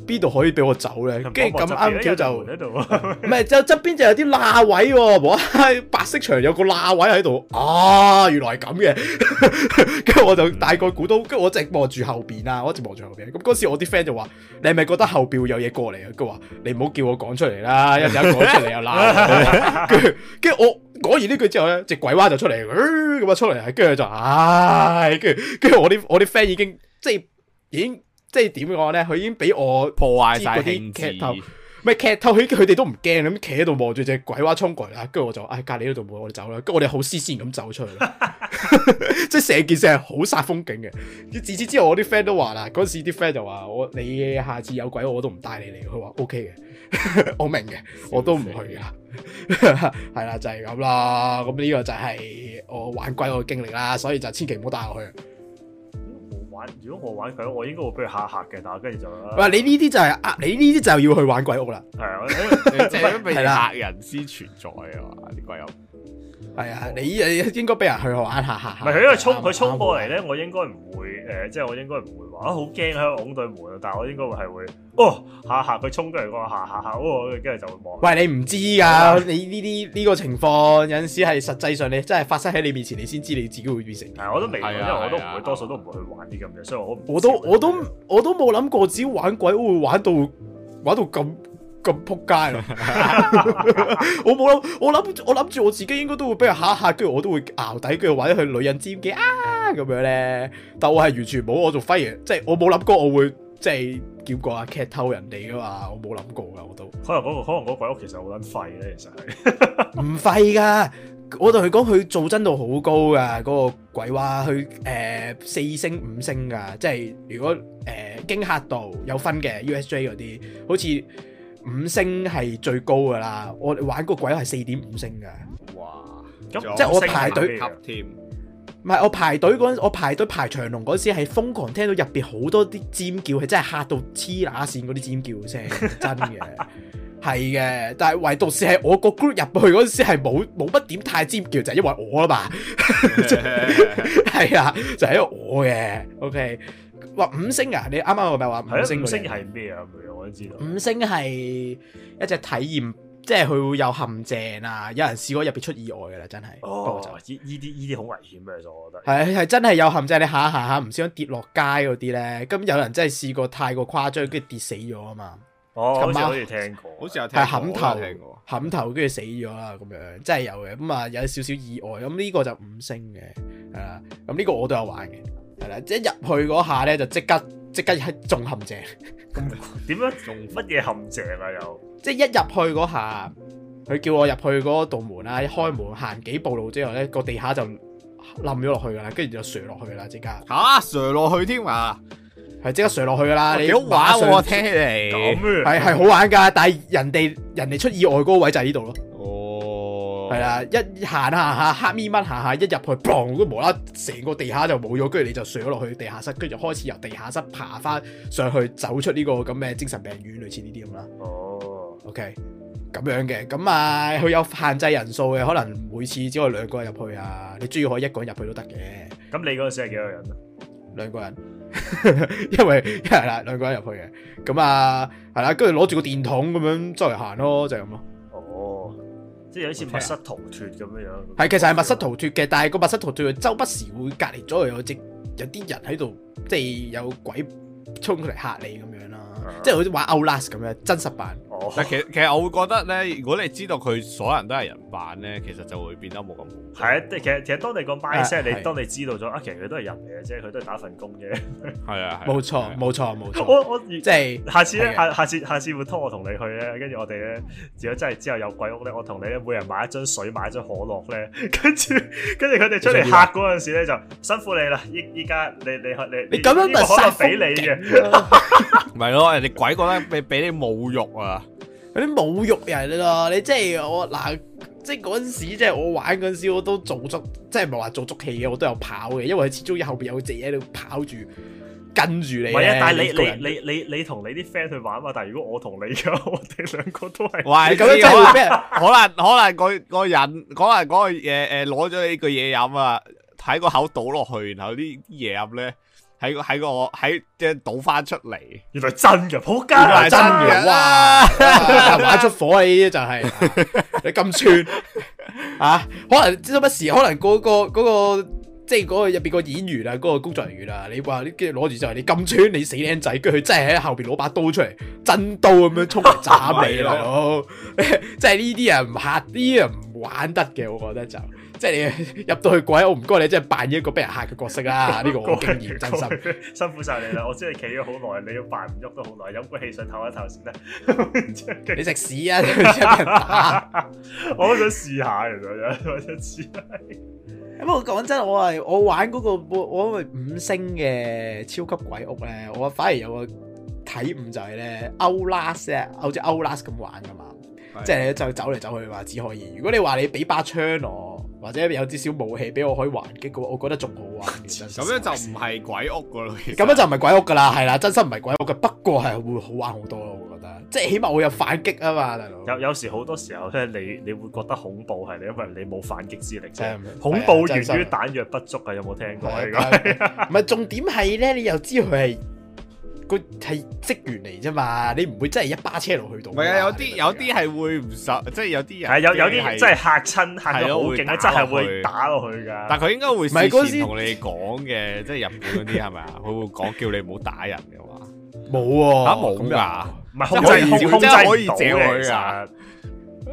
邊度可以俾我走咧？跟住咁啱巧就唔係，就側邊就有啲罅位喎，無 白色牆有個罅位喺度。啊，原來係咁嘅。跟 住我就大概估到，跟住我直望住後邊啊，我一直望住後邊。咁嗰時我啲 friend 就話：你係咪覺得後邊會有嘢過嚟啊？佢話：你唔好叫我講出嚟啦，一陣間講出嚟又鬧。跟住 我講完呢句之後咧，隻鬼蛙就出嚟咁啊出嚟，跟住就唉，跟住跟住我啲我啲 friend 已經即係已經。即已經即係點講咧？佢已經俾我破壞晒啲劇透，咩係劇透，佢佢哋都唔驚咁企喺度望住隻鬼娃衝過嚟啦。跟住我就，哎，隔籬嗰度冇，我哋走啦。跟住我哋好斯斯然咁走出去啦。即係成件事係好煞風景嘅。自此之後我，我啲 friend 都話啦，嗰時啲 friend 就話我：你下次有鬼我、OK 我，我都唔帶你嚟。佢話 OK 嘅，我明嘅，我都唔去啊。係啦，就係咁啦。咁呢個就係我玩鬼我嘅經歷啦。所以就千祈唔好帶我去。如果我玩佢，我應該會俾佢嚇一嚇嘅，但係跟住就，哇、就是！你呢啲就係呃，你呢啲就要去玩鬼屋啦，係啊，係啦，嚇人先存在啊，嘛，啲鬼屋。係啊，你依應該俾人去玩下下。唔係，佢因為衝佢衝過嚟咧，我應該唔會誒，即係我應該唔會話啊，好驚喺度拱對門啊。但係我應該會係會哦下下佢衝過嚟嗰下下下，哦跟住就會望。喂，你唔知噶？你呢啲呢個情況，有陣時係實際上你真係發生喺你面前，你先知你自己會變成。係，我都未，因為我都唔會，多數都唔會去玩啲咁嘅，所以我我都我都我都冇諗過，只要玩鬼會玩到玩到咁。咁仆街啊！我冇諗，我諗住我諗住我自己應該都會俾人嚇一嚇，跟住我都會淆底，跟住或者去女人尖嘅啊咁樣咧。但我係完全冇，我做反而即係我冇諗過我會即係叫個阿劇偷人哋噶嘛，我冇諗過噶我都。可能個可能嗰鬼屋其實好捻廢咧，其實係唔 廢噶。我同佢講，佢做真度好高噶，嗰、那個鬼話佢誒四星五星噶，即係如果誒驚嚇度有分嘅 U S J 嗰啲，好似。五星係最高噶啦，我哋玩個鬼係四點五星嘅，哇！嗯、即係我排隊添，唔係我排隊嗰陣，我排隊排，排長龍嗰時係瘋狂聽到入邊好多啲尖叫，係真係吓到黐乸線嗰啲尖叫聲，真嘅係嘅。但係唯獨是係我個 group 入去嗰時係冇冇乜點太尖叫，就係、是、因為我啦嘛，係啊， 就係因為我嘅，OK。哇，五星啊！你啱啱我咪話五星五星係咩啊？咁樣我都知道。五星係一隻體驗，即係佢會有陷阱啊！有人試過入邊出意外噶啦，真係。哦，就呢呢啲呢啲好危險嘅，其實我覺得。係係真係有陷阱，你走走走下下下唔小心跌落街嗰啲咧，咁有人真係試過太過誇張，跟住跌死咗啊嘛。哦，晚好似聽過，是好似有聽過。係冚頭，冚頭跟住死咗啦，咁樣真係有嘅。咁啊有少少意外，咁呢、嗯、個就五星嘅，啊咁呢個我都有玩嘅。係啦，一一即係一入去嗰下咧，就即刻即刻喺中陷阱。咁點樣用乜嘢陷阱啊？又即係一入去嗰下，佢叫我入去嗰道門啦，一開門行幾步路之後咧，個地就下就冧咗落去啦，跟住就垂落去啦，啊、去即刻吓垂落去添嘛？係即刻垂落去噶啦，你好玩喎！我聽起嚟係係好玩噶，但係人哋人哋出意外嗰個位就喺呢度咯。係啦，一行下下，黑咪掹行下，一入去，嘣，跟無啦，成個地下就冇咗，跟住你就睡咗落去地下室，跟住就開始由地下室爬翻上去，走出呢個咁嘅精神病院，類似呢啲咁啦。哦，OK，咁樣嘅，咁啊，佢有限制人數嘅，可能每次只可以兩個人入去啊。你鍾意可以一個人入去都得嘅。咁你嗰陣時係幾個人啊？兩個人， 因為係、啊、啦，兩個人入去嘅。咁啊，係啦，跟住攞住個電筒咁樣周圍行咯，就係咁咯。哦。即係好似密室逃脫咁樣。係，其實係密室逃脫嘅，但係個密室逃脫又 周不時會隔籬左右有隻有啲人喺度，即係有鬼衝出嚟嚇你咁樣啦，即係好似玩 Outlast 咁樣，真實版。但其實其實我會覺得咧，如果你知道佢所有人都係人扮咧，其實就會變得冇咁好。係啊，即係其實其實當你個 mindset 你當你知道咗啊，其實佢都係人嚟嘅，即係佢都係打份工嘅。係啊，冇錯冇錯冇錯。我我即係下次咧，下下次下次會拖我同你去咧，跟住我哋咧，如果真係之後有鬼屋咧，我同你每人買一樽水，買一樽可樂咧，跟住跟住佢哋出嚟嚇嗰陣時咧，就辛苦你啦！依家你你你你咁樣咪殺死你嘅，唔係咯！人哋鬼覺得被俾你侮辱啊！有啲侮辱人咯、啊，你即係我嗱，即係嗰陣時，即係我玩嗰陣時，我都做足，即係唔係話做足氣嘅，我都有跑嘅，因為佢始終後邊有隻嘢喺度跑住跟住你,你。唔係啊，但係你你你你你同你啲 friend 去玩嘛？但係如果我同你，我哋兩個都係，喂哇，咁 樣即係咩？可能可能個、呃呃、個人可能嗰個誒誒，攞咗你個嘢飲啊，喺個口倒落去，然後啲嘢飲咧。喺個喺個喺即倒翻出嚟，原來真嘅撲街，真嘅、啊、哇、 啊，玩出火啊！呢啲就係、是、 你咁串，嚇、 啊，可能知係乜事？可能嗰、那個即係嗰個入邊、就是、個面演員啊，嗰、那個工作人員啊，你話跟住攞住就係你咁串，你死靚仔，跟住佢真係喺後邊攞把刀出嚟，真刀咁樣衝嚟斬你啦！即係呢啲人唔嚇，啲人唔玩得嘅，我覺得就。即係你入到去鬼，屋，唔該你，真係扮演一個俾人嚇嘅角色啊！呢個我經驗位真心辛苦晒你啦，我真係企咗好耐，你都扮唔喐都好耐，飲杯汽水唞一唞先得。 你食屎啊！ 我都想試下，下，其實 真我想試下。咁我講真，我係我玩嗰、嗰個我我五星嘅超級鬼屋咧，我反而有個體悟就係咧 outlast，好似 outlast 咁玩噶嘛，的即係你就走嚟走去話只可以。如果你話你俾把槍我。或者有啲小武器俾我可以還擊嘅，我覺得仲好玩。咁樣就唔係鬼屋個咯，咁樣，樣就唔係鬼屋噶啦，係啦，真心唔係鬼屋嘅。不過係會好玩好多咯，我覺得。即係起碼我有反擊啊嘛。大佬有有時好多時候咧，你你會覺得恐怖係你因為你冇反擊之力啫。恐怖源於彈藥不足啊！有冇聽過？唔係 重點係咧，你又知佢係。佢係職員嚟啫嘛，你唔會真係一巴車落去到。唔係啊，有啲有啲係會唔受，即係有啲人係有有啲真係嚇親嚇到好勁，真係會打落去噶。但係佢應該會，唔係嗰時同你講嘅，即係日本嗰啲係咪啊？佢會講叫你唔好打人嘅嘛？冇喎，冇㗎，唔係控制控制可以召佢啊。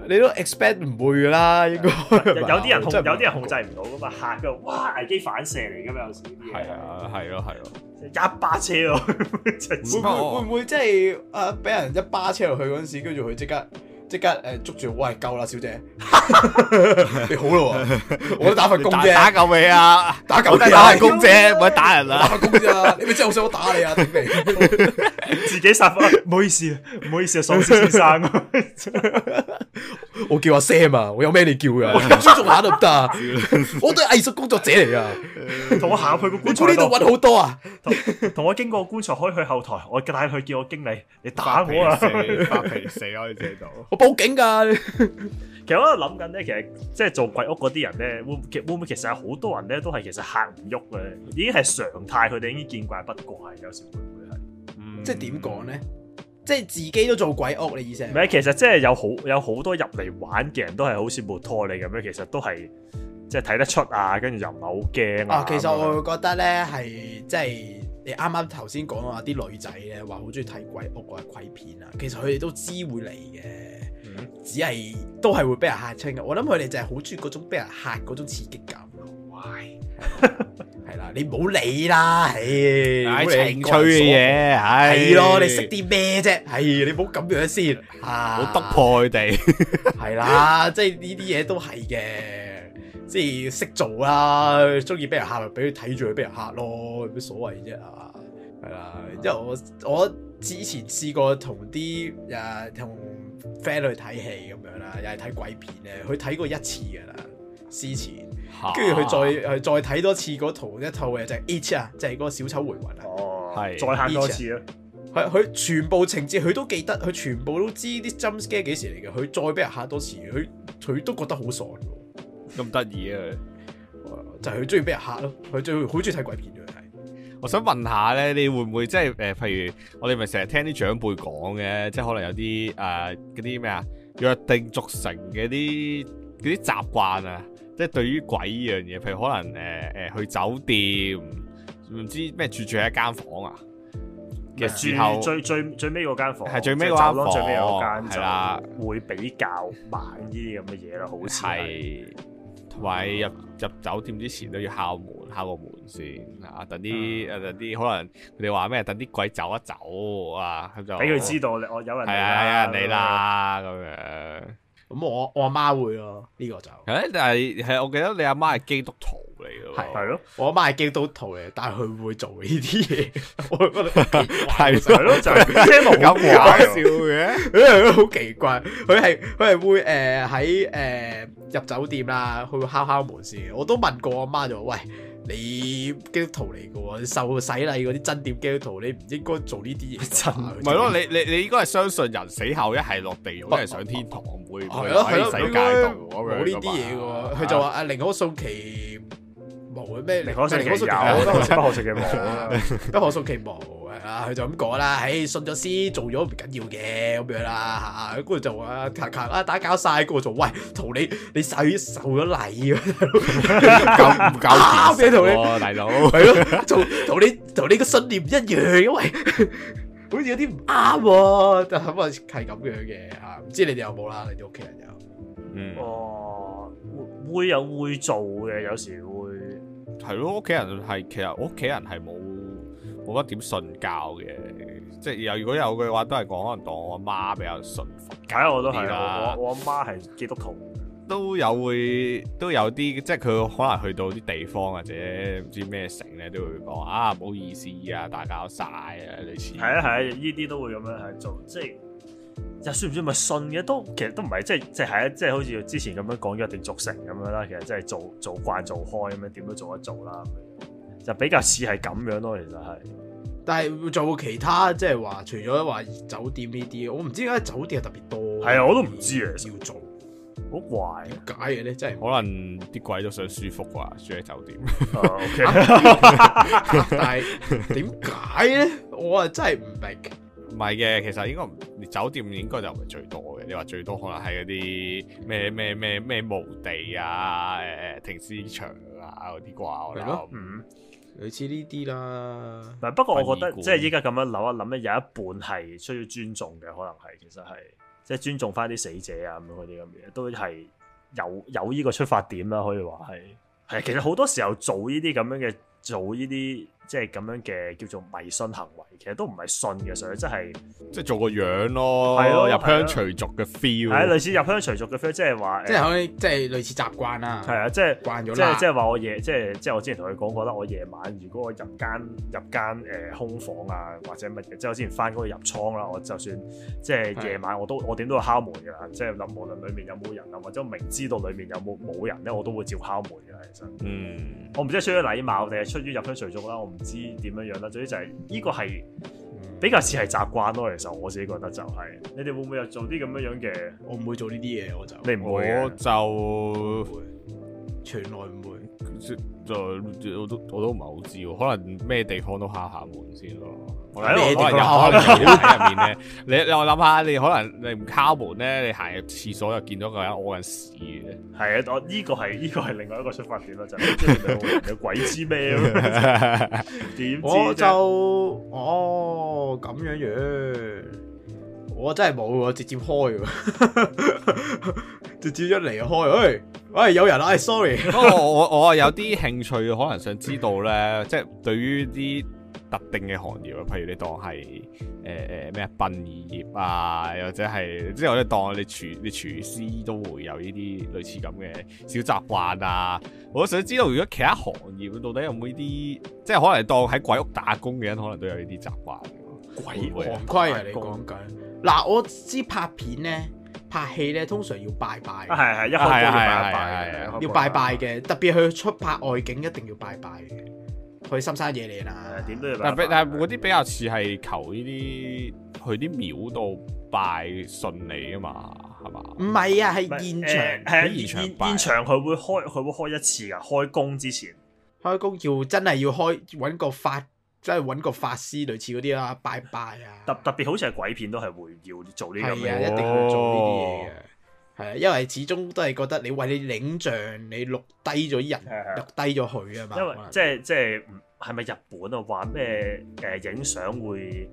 你都 expect 唔會啦，應該、啊、 有啲人控，有啲人控制唔到噶嘛，嚇！佢哇，危機反射嚟噶嘛，有時係啊，係咯、啊，係咯、啊，一巴車咯， 會會會唔會即係誒俾人一巴車落去嗰陣時，跟住佢即刻即刻誒捉住，喂夠啦，小姐 你好咯、啊， 我都打份工啫，打夠未啊？ 打夠，打份工啫，唔係 打人啊！ 打份工啫，你咪真係好想我打你啊？自己殺翻。唔好意思，唔好意思啊，蘇先生，我叫阿 Sam 啊，我有咩你叫噶？我尊重下都唔得，我都係藝術工作者嚟噶，同我行去個棺材呢度揾好多啊，同我經過棺材可以去後台，我帶佢叫我經理你打我啊，發脾氣死啦你自己做，我報警噶。其實我喺度諗緊咧，其實即係做鬼屋嗰啲人咧，會會唔會其實有好多人咧都係其實行唔喐嘅，已經係常態，佢哋已經見怪不怪，有時會唔會係？即係點講咧？即係自己都做鬼屋你意思？唔係，其實即係有好有好多入嚟玩嘅人都係好似木拖你咁樣，其實都係即係睇得出啊，跟住又唔係好驚啊、哦。其實我會覺得咧係即係你啱啱頭先講話啲女仔咧話好中意睇鬼屋啊、鬼片啊，其實佢哋都知會嚟嘅，嗯、只係都係會俾人嚇青嘅。我諗佢哋就係好中意嗰種俾人嚇嗰種刺激感咯。係啦， 你唔好理啦，唉，情趣嘅嘢，係咯，你識啲咩啫？係你唔好咁樣先，吓，好得破佢哋，係啦，即係呢啲嘢都係嘅，即係識做啦，中意俾人嚇咪俾佢睇住佢俾人嚇咯，有咩所謂啫？啊，係啦，因為我我之前試過同啲誒同 friend 去睇戲咁樣啦，又係睇鬼片咧，佢睇過一次噶啦。之前，跟住佢再佢、啊、再睇多次嗰套一套嘅就係 h 啊，就係、是、嗰、e、個小丑回魂啊，係、哦、再吓多次咯。佢佢、e、全部情節佢都記得，佢全部都知啲 jump scare 幾時嚟嘅。佢再俾人吓多次，佢佢都覺得好爽，咁得意啊！ 就係佢中意俾人吓咯，佢最好中意睇鬼片咗。我想問下咧，你會唔會即係誒？譬如我哋咪成日聽啲長輩講嘅，即、就、係、是、可能有啲誒嗰啲咩啊，約定俗成嘅啲嗰啲習慣啊。即係對於鬼依樣嘢，譬如可能誒誒去酒店，唔知咩住住喺一間房啊。其實住最最最尾嗰間房係最尾嗰間房，係啦，會比較猛依啲咁嘅嘢咯，好似。係，同埋入入酒店之前都要敲門，敲個門先嚇，等啲誒啲可能你話咩？等啲鬼走一走啊，咁就俾佢知道我有人嚟啦，有人嚟啦咁樣。咁我我阿媽會咯，呢、這個就，誒，但係係我記得你阿媽係基督徒嚟嘅，係咯是，的我阿媽係基督徒嘅，但係佢會做呢啲，嘢、 欸。我係係咯，的就啲冇咁搞笑嘅，好 奇怪，佢係佢係會誒喺誒入酒店啦，佢會敲敲門先，我都問過我阿媽就話，喂。你基督徒嚟嘅喎，受洗禮嗰啲真點基督徒，你唔應該做呢啲嘢真。唔係咯，你你你應該係相信人死後一係落地獄，一係上天堂，會去擺世界度，冇呢啲嘢喎。佢就話啊，寧可送其。冇咩？寧可信有，不可信嘅冇，不可信其冇啊！佢就咁講啦，誒，信咗先，做咗唔緊要嘅咁樣啦。跟住就話咔咔，打打搞晒。」跟住就喂，同你你受受咗禮，唔交唔交錢喎，大佬係咯，同同你同你嘅信念唔一樣，因為好似有啲唔啱，但係咁啊係咁樣嘅嚇，唔知你哋有冇啦？你哋屋企人有哦，會有會做嘅有時。係咯，屋企人係，其實屋企人係冇冇乜點信教嘅，即係又如果有句話，都係講可能當我阿媽比較信佛，梗係我都係，我我阿媽係基督徒都，都有會都有啲，即係佢可能去到啲地方或者唔知咩城咧，都會講啊，唔好意思啊，打攪晒啊類似，係啊係啊，呢啲都會咁樣係做，即係。就算唔信咪信嘅，都其實都唔係，即係即係啊，即係好似之前咁樣講約定俗成咁樣啦。其實真係做做慣做開咁樣，點都做一做啦。就比較似係咁樣咯，其實係。但係做其他即係話，除咗話酒店呢啲，我唔知點解酒店係特別多。係啊，我都唔知啊，要做好怪，點解嘅咧？即係可能啲鬼都想舒服啩，住喺酒店。但係點解咧？我啊真係唔明。唔係嘅，其實應該唔，酒店應該就唔係最多嘅。你話最多可能係嗰啲咩咩咩咩墓地啊、誒、呃、停屍場啊嗰啲啩啦，嗯，類似呢啲啦。唔不過我覺得乙館 即係依家咁樣諗一諗咧，有一半係需要尊重嘅，可能係其實係即係尊重翻啲死者啊咁嗰啲咁嘅，都係有有呢個出發點啦、啊，可以話係係。其實好多時候做呢啲咁樣嘅，做呢啲。即係咁樣嘅叫做迷信行為，其實都唔係信嘅，所以即係即係做個樣咯，係咯入鄉隨俗嘅 feel，係類似入鄉隨俗嘅 feel，即係話即係可以即係類似習慣、啊、習慣啦。係啊，即係慣咗即係即係話我夜即係即係我之前同佢講過，覺得我夜晚如果我入間入間誒、呃、空房啊或者乜嘢，即係我之前返工入倉啦，我就算即係夜晚我都的我點都，都會敲門㗎，即係諗無論裡面有冇人啊，或者我明知道裡面有冇冇人咧，我都會照敲門㗎。其實嗯，我唔知出於禮貌定係出於入鄉隨俗啦，我知點樣樣啦，總之就係呢個係比較似係習慣咯。其實我自己覺得就係、是、你哋會唔會有做啲咁樣樣嘅？我唔會做呢啲嘢，我就你唔會我就全來唔會，會就，就我都我都唔係好知喎。可能咩地方都敲下門先咯。喺呢個有可能嘅入面咧， 你你我諗下，你可能你唔敲門咧，你行入廁所又見到個人屙緊屎嘅。係啊，呢個係呢、這個係另外一個出發點啦，就是、有、人有鬼知咩咯？點 知？我就哦咁樣樣，我真係冇，直接開， 直接一離開，誒誒，有人啊，係、 哎、sorry。 我我我有啲興趣，可能想知道咧，即、就、係、是、對於啲。特定嘅行業啊，譬如你當係誒誒咩啊，殯儀業啊，或者係之後咧，你當你廚你廚師都會有呢啲類似咁嘅小習慣啊。我想知道如果其他行業到底有冇呢啲，即係可能當喺鬼屋打工嘅人，可能都有呢啲習慣。鬼王規啊！啊你講緊嗱，我知拍片咧、拍戲咧，通常要拜拜，係係係係係，要拜拜嘅，特別去出拍外景一定要拜拜嘅。嗯嗯。佢深山野嶺啊，點都要。但係但係嗰啲比較似係求呢啲去啲廟度拜順利啊嘛，係嘛？唔係啊，係現場係現場，嗯嗯、現場佢、啊、會開佢會開一次噶，開工之前。開工要真係要開，搵個法，即係搵個法師類似嗰啲啦，拜拜啊！特特別好似係鬼片都係會要做呢樣嘢，一定要做呢啲嘢嘅。哦係因為始終都係覺得你為你領像你錄低咗啲人的錄低咗佢啊嘛。因為即係即係唔係咪日本啊話咩誒影相會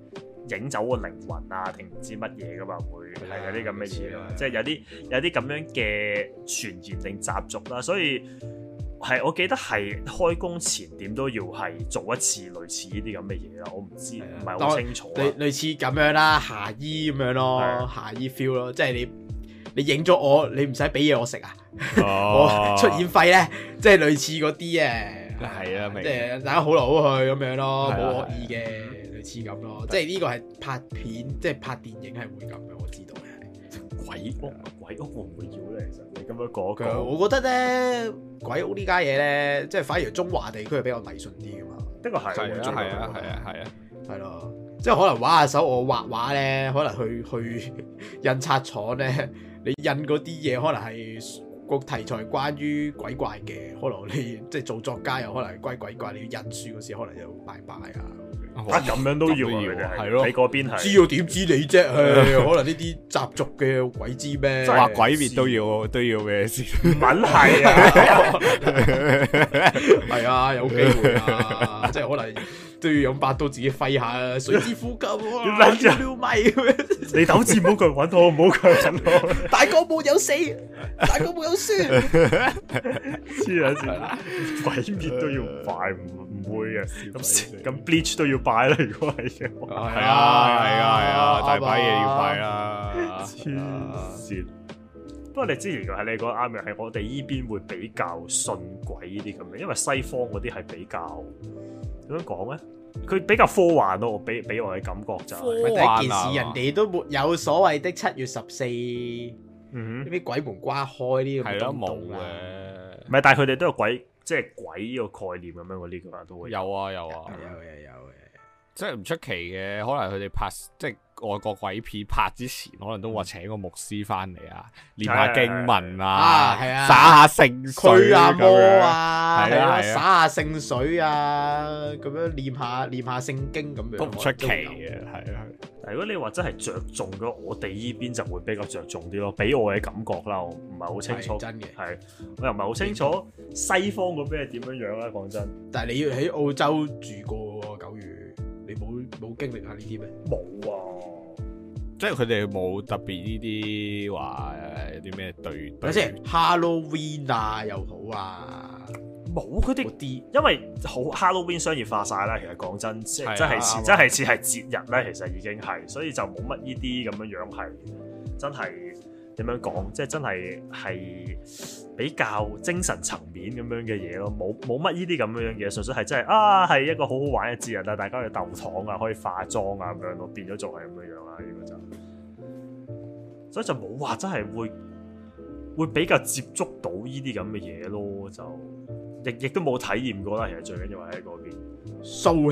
影走個靈魂啊？定唔知乜嘢噶嘛？會係有啲咁嘅嘢啊！即係的有啲的有啲咁樣嘅傳言定習俗啦、啊。所以係我記得係開工前點都要係做一次類似呢啲咁嘅嘢啦。我唔知唔係好清楚、啊。類似咁樣啦，夏衣咁樣咯，夏的衣 feel 咯、就是，即係你。你影咗我，你唔使俾嘢我食啊！我出演費咧，即係類似嗰啲誒，係啊，咪，即係大家好來好去咁樣咯，冇惡意嘅，類似咁咯。即係呢個係拍片，即係拍電影係會咁嘅。我知道嘅鬼屋，鬼屋會唔會要咧？其實你咁樣講，我覺得咧鬼屋呢家嘢咧，即係反而中華地區係比較迷信啲噶嘛。呢個係係啊係啊係啊係啊咯，即係可能畫下手我畫畫咧，可能去去印刷廠咧。你印嗰啲嘢可能係個題材關於鬼怪嘅，可能你即係做作家又可能歸鬼怪，你要印書嗰時可能就拜拜啊！咁、嗯、樣都要係咯，喺嗰邊知要點知你啫、 哎？可能呢啲習俗嘅鬼知咩？即係話鬼滅都要都要嘅。先？唔係啊，係啊，有機會即係可能。哎都要用八刀自己揮下水之呼吸，撩撩咪？你鬥志唔好勁，搵我唔好勁，搵我！大哥冇有死，大哥冇有輸，黐線！鬼滅都要快，唔唔會啊！咁先，咁 Bleach 都要快喇，如果係嘅話。係啊，係啊，係啊，大把嘢要快啊！黐線。不過你知原來係你講啱嘅，係我哋依邊會比較信鬼啲咁嘅，因為西方嗰啲係比較。點樣講咧？佢比較科幻咯，俾俾我嘅感覺就是。第一件事， 人哋都沒有所謂的七月十四， 嗯哼，啲鬼門關開啲咁都冇嘅。唔係、啊，但係佢哋都有鬼，即係鬼呢個概念咁樣嗰啲噶嘛，都會有有、啊。有啊 有，有啊有嘅，有嘅。即係唔出奇嘅，可能佢哋拍即係外國鬼片拍之前，可能都話請個牧師翻嚟啊，念下經文啊，係的啊，灑下聖水啊，咁的樣係啊，灑下聖水啊，咁樣念下念下聖經咁樣。都唔出奇嘅，係啊。但如果你話真係着重咗，我哋依邊就會比較着重啲咯。俾我嘅感覺啦，我唔係好清楚真嘅。係我又唔係好清楚西方嗰邊係點樣樣啦。講真，但係你要喺澳洲住過、那個、九月。你冇冇經歷下呢啲咩？冇啊！即係佢哋冇特別呢啲話啲咩對，睇下等 Halloween 啊又好啊，冇嗰啲，D 因為好 Halloween 商業化晒啦。其實講真，即係真係似的真係似係節日咧。的其實已經係，所以就冇乜呢啲咁樣樣係真係。點樣講？即係真係係比較精神層面咁樣嘅嘢咯，冇冇乜呢啲咁樣嘢，純粹係真係啊，係一個好好玩嘅節日啊，但大家去鬥糖啊，可以化妝啊咁樣咯，變咗做係咁樣啦，應該就，所以就冇話真係會會比較接觸到呢啲咁嘅嘢咯，就亦亦都冇體驗過啦。其實最緊要係喺嗰邊蘇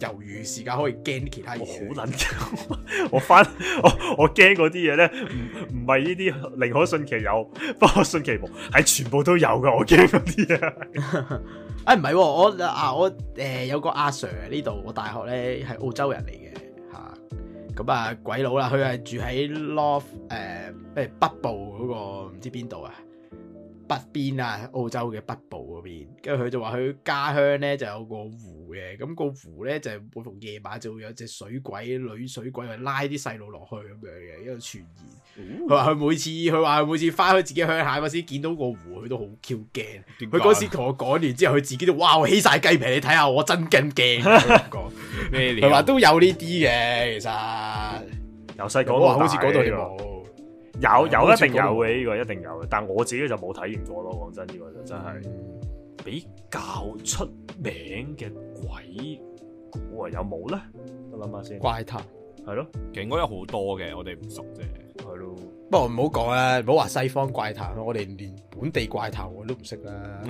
猶豫時間可以驚其他嘢， 我好撚驚。我翻我我驚嗰啲嘢咧，唔唔係呢啲，寧可信其有，不可信其無，係全部都有嘅。我驚嗰啲嘢，哎唔係，我啊我誒、呃、有個阿 Sir 呢度，我大學咧係澳洲人嚟嘅嚇，咁啊，啊鬼佬啦，佢係住喺 Loft 誒、呃，北部嗰、嗰個唔知邊度啊。北邊啊，澳洲嘅北部嗰邊，跟住佢就話佢家鄉咧就有個湖嘅，咁個湖咧就每逢夜晚就會有隻水鬼、女水鬼，去拉啲細路落去咁樣嘅，一路傳言。佢話佢每次，佢話佢每次翻去自己鄉下嗰時見到個湖，佢都好 Q 驚。佢嗰時同我講完之後，佢自己都哇，起晒雞皮，你睇下我真咁驚。佢講咩，佢話都有呢啲嘅，其實由細講落好似嗰度冇。有有一定有嘅，呢個一定有嘅，但係我自己就冇體驗過咯。講真，呢個就真係比較出名嘅鬼故啊！有冇咧？我諗下先。怪談係咯，其實應該有好多嘅，我哋唔熟啫。係咯，不過唔好講咧，唔好話西方怪談，我哋連本地怪談我都唔識啦。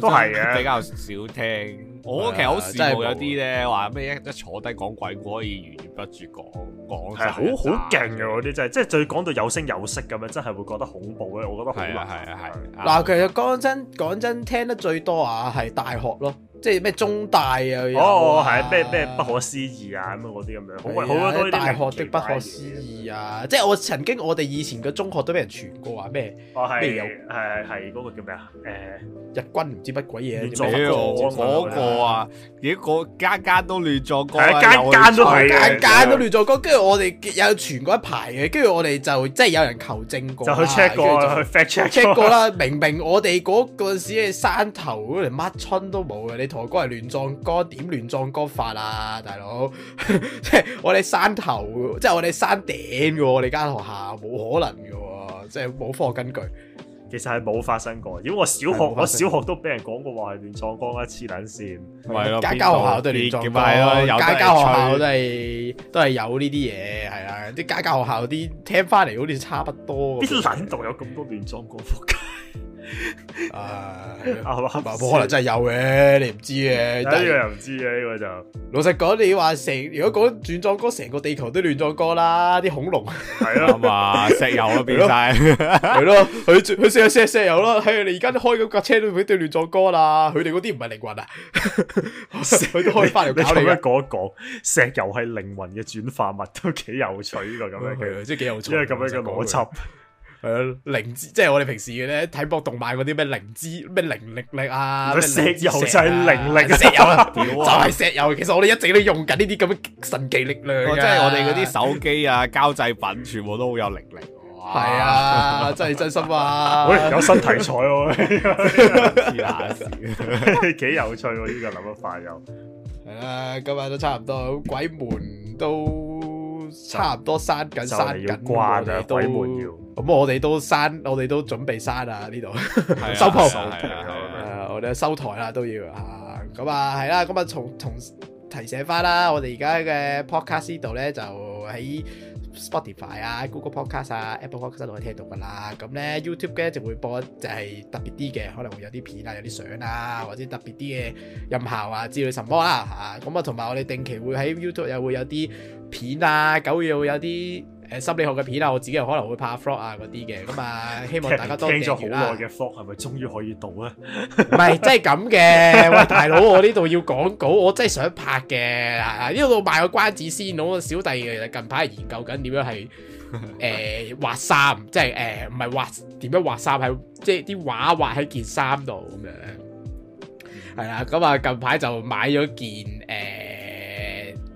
都係啊，比較少聽。我其實好羨慕有啲咧，話咩一一坐低講鬼故可以源源不絕講講，係好好勁嘅嗰啲，真係即係最講到有聲有色咁樣，真係會覺得恐怖咧。我覺得恐怖係係係。嗱、啊，啊啊啊、對其實講真講真，聽得最多啊，係大學咯。即係咩中大啊？哦哦，係咩咩不可思議啊咁樣嗰啲咁樣，好鬼好鬼多大學的不可思議啊！即係我曾經我哋以前嘅中學都俾人傳過話咩？哦係，係係係嗰個叫咩啊？誒日軍唔知乜鬼嘢亂作過嗰個啊！而家個間間都亂作過，係間間都係，間間都亂作過。跟住我哋有傳過一排嘅，跟住我哋就即係有人求證過，就去 check 過，去 fact check 過啦。明明我哋嗰嗰陣時喺山頭嗰度乜春都冇嘅，你。台哥係亂葬崗，點亂葬崗法啊，大佬！即係我哋山頭，即係我哋山頂噶，我哋間學校冇可能噶，即係冇科學根據。其實係冇發生過，如果我小學我小學都俾人講過話係亂葬崗，一黐捻線。係咯，間間學校都係亂葬崗，係咯，間間學校都係都係有呢啲嘢，係啦，啲間間學校啲聽翻嚟好似差不多。邊度有咁多亂葬崗？啊，阿媽，我可能真係有嘅，你唔知嘅。呢個又唔知嘅，呢個就老實講，你話成如果講轉葬歌，成個地球都亂葬歌啦，啲恐龍係咯，嘛石油變晒，係咯，佢佢成日石油咯，係你而家都開嗰架車都畀對亂葬歌啦，佢哋嗰啲唔係靈魂啊，佢都可以翻嚟搞你。講一講石油係靈魂嘅轉化物都幾有趣呢個咁樣嘅，即係幾有趣，因為咁樣一個邏輯。係啊，靈芝即係我哋平時嘅咧睇博動漫嗰啲咩靈芝咩靈力力啊，石油就係靈力啊，就係石油。其實我哋一直都用緊呢啲咁嘅神奇力量。即係我哋嗰啲手機啊，膠製品全部都好有靈力。係啊，真係真心啊。有新題材喎，幾有趣喎，呢個諗得快又。係啊，今日都差唔多，鬼門都差唔多閂緊，閂緊鬼門要。咁我哋都刪，我哋都準備刪啦呢度，收鋪，我哋收台啦都要啊。咁啊係啦，咁啊從從提醒翻啦，我哋而家嘅 podcast 呢度咧就喺 Spotify 啊、Google Podcast 啊、Apple Podcast 都可以聽到噶啦。咁咧 YouTube 咧就會播就係特別啲嘅，可能會有啲片啊、有啲相啊，或者特別啲嘅音效啊之類什麼啊。咁啊同埋、嗯、我哋定期會喺 YouTube 又會有啲片啊，九月會有啲。誒心理學嘅片啦，我自己又可能會拍 vlog 啊嗰啲嘅，咁啊希望大家多支持啦。企咗好耐嘅 vlog 係咪終於可以到咧？唔 係，真係咁嘅，喂大佬我呢度要講稿，我真係想拍嘅。呢度賣個關子先，我小弟其實近排研究緊點樣係誒、呃、畫衫，即係誒唔係畫點樣畫衫，係即係啲畫畫喺件衫度咁樣。係 啊，咁啊近排就買咗件誒。呃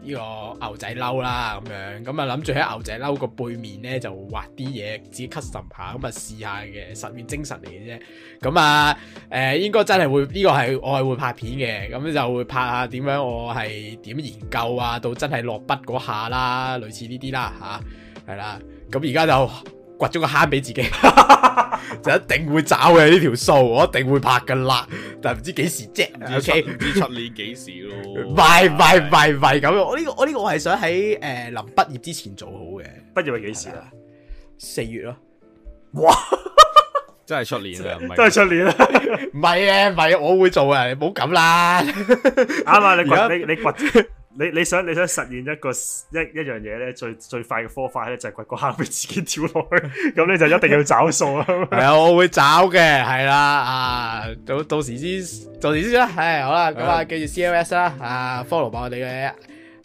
呢個牛仔褸啦，咁樣咁啊，諗住喺牛仔褸個背面咧就畫啲嘢，自己 custom 下，咁啊試下嘅，實驗精神嚟嘅啫。咁啊，誒、呃、應該真係會呢、呢個係我係會拍片嘅，咁就會拍下點樣我係點研究啊，到真係落筆嗰下啦，類似呢啲啦吓，係啦。咁而家就。掘咗個坑俾自己， 就一定會找嘅呢條數，我一定會拍噶啦，但係唔知幾時啫。O K，唔知，Okay 知，出，知出年幾時咯。唔係唔係唔係唔係咁樣，我呢、這個、個我呢個我係想喺誒臨畢業之前做好嘅。畢業係幾時啊？四月咯。 哇！真係出年啊，都係出年啦。唔係啊，唔係 我會做啊，你唔好咁啦。啱啊，你 你你掘。 你你想你想實現一個一一樣嘢咧，最最快嘅科快咧就係佢個客會自己跳落去。咁 你就一定要找數啦。係啊， 我會找嘅，係啦啊，到到時先，到時先啦。係好啦，咁的啊記住 C M S 啦，啊 follow 我哋嘅。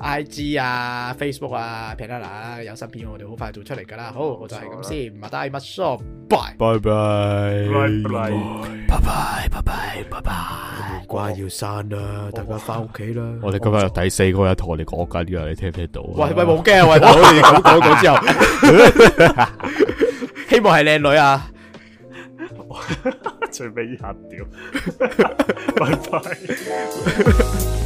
IG 啊，Facebook 啊，平得啦，有新片我哋好快做出嚟噶啦。好，我就係咁先，唔該，乜 show，bye bye bye bye bye bye bye bye bye bye，唔該要刪啦，大家翻屋企啦，我哋今日有第四個人同我哋講緊啊，你聽唔聽到？喂喂，冇驚啊，我哋講講之後，希望係靚女啊，最尾一條，bye bye。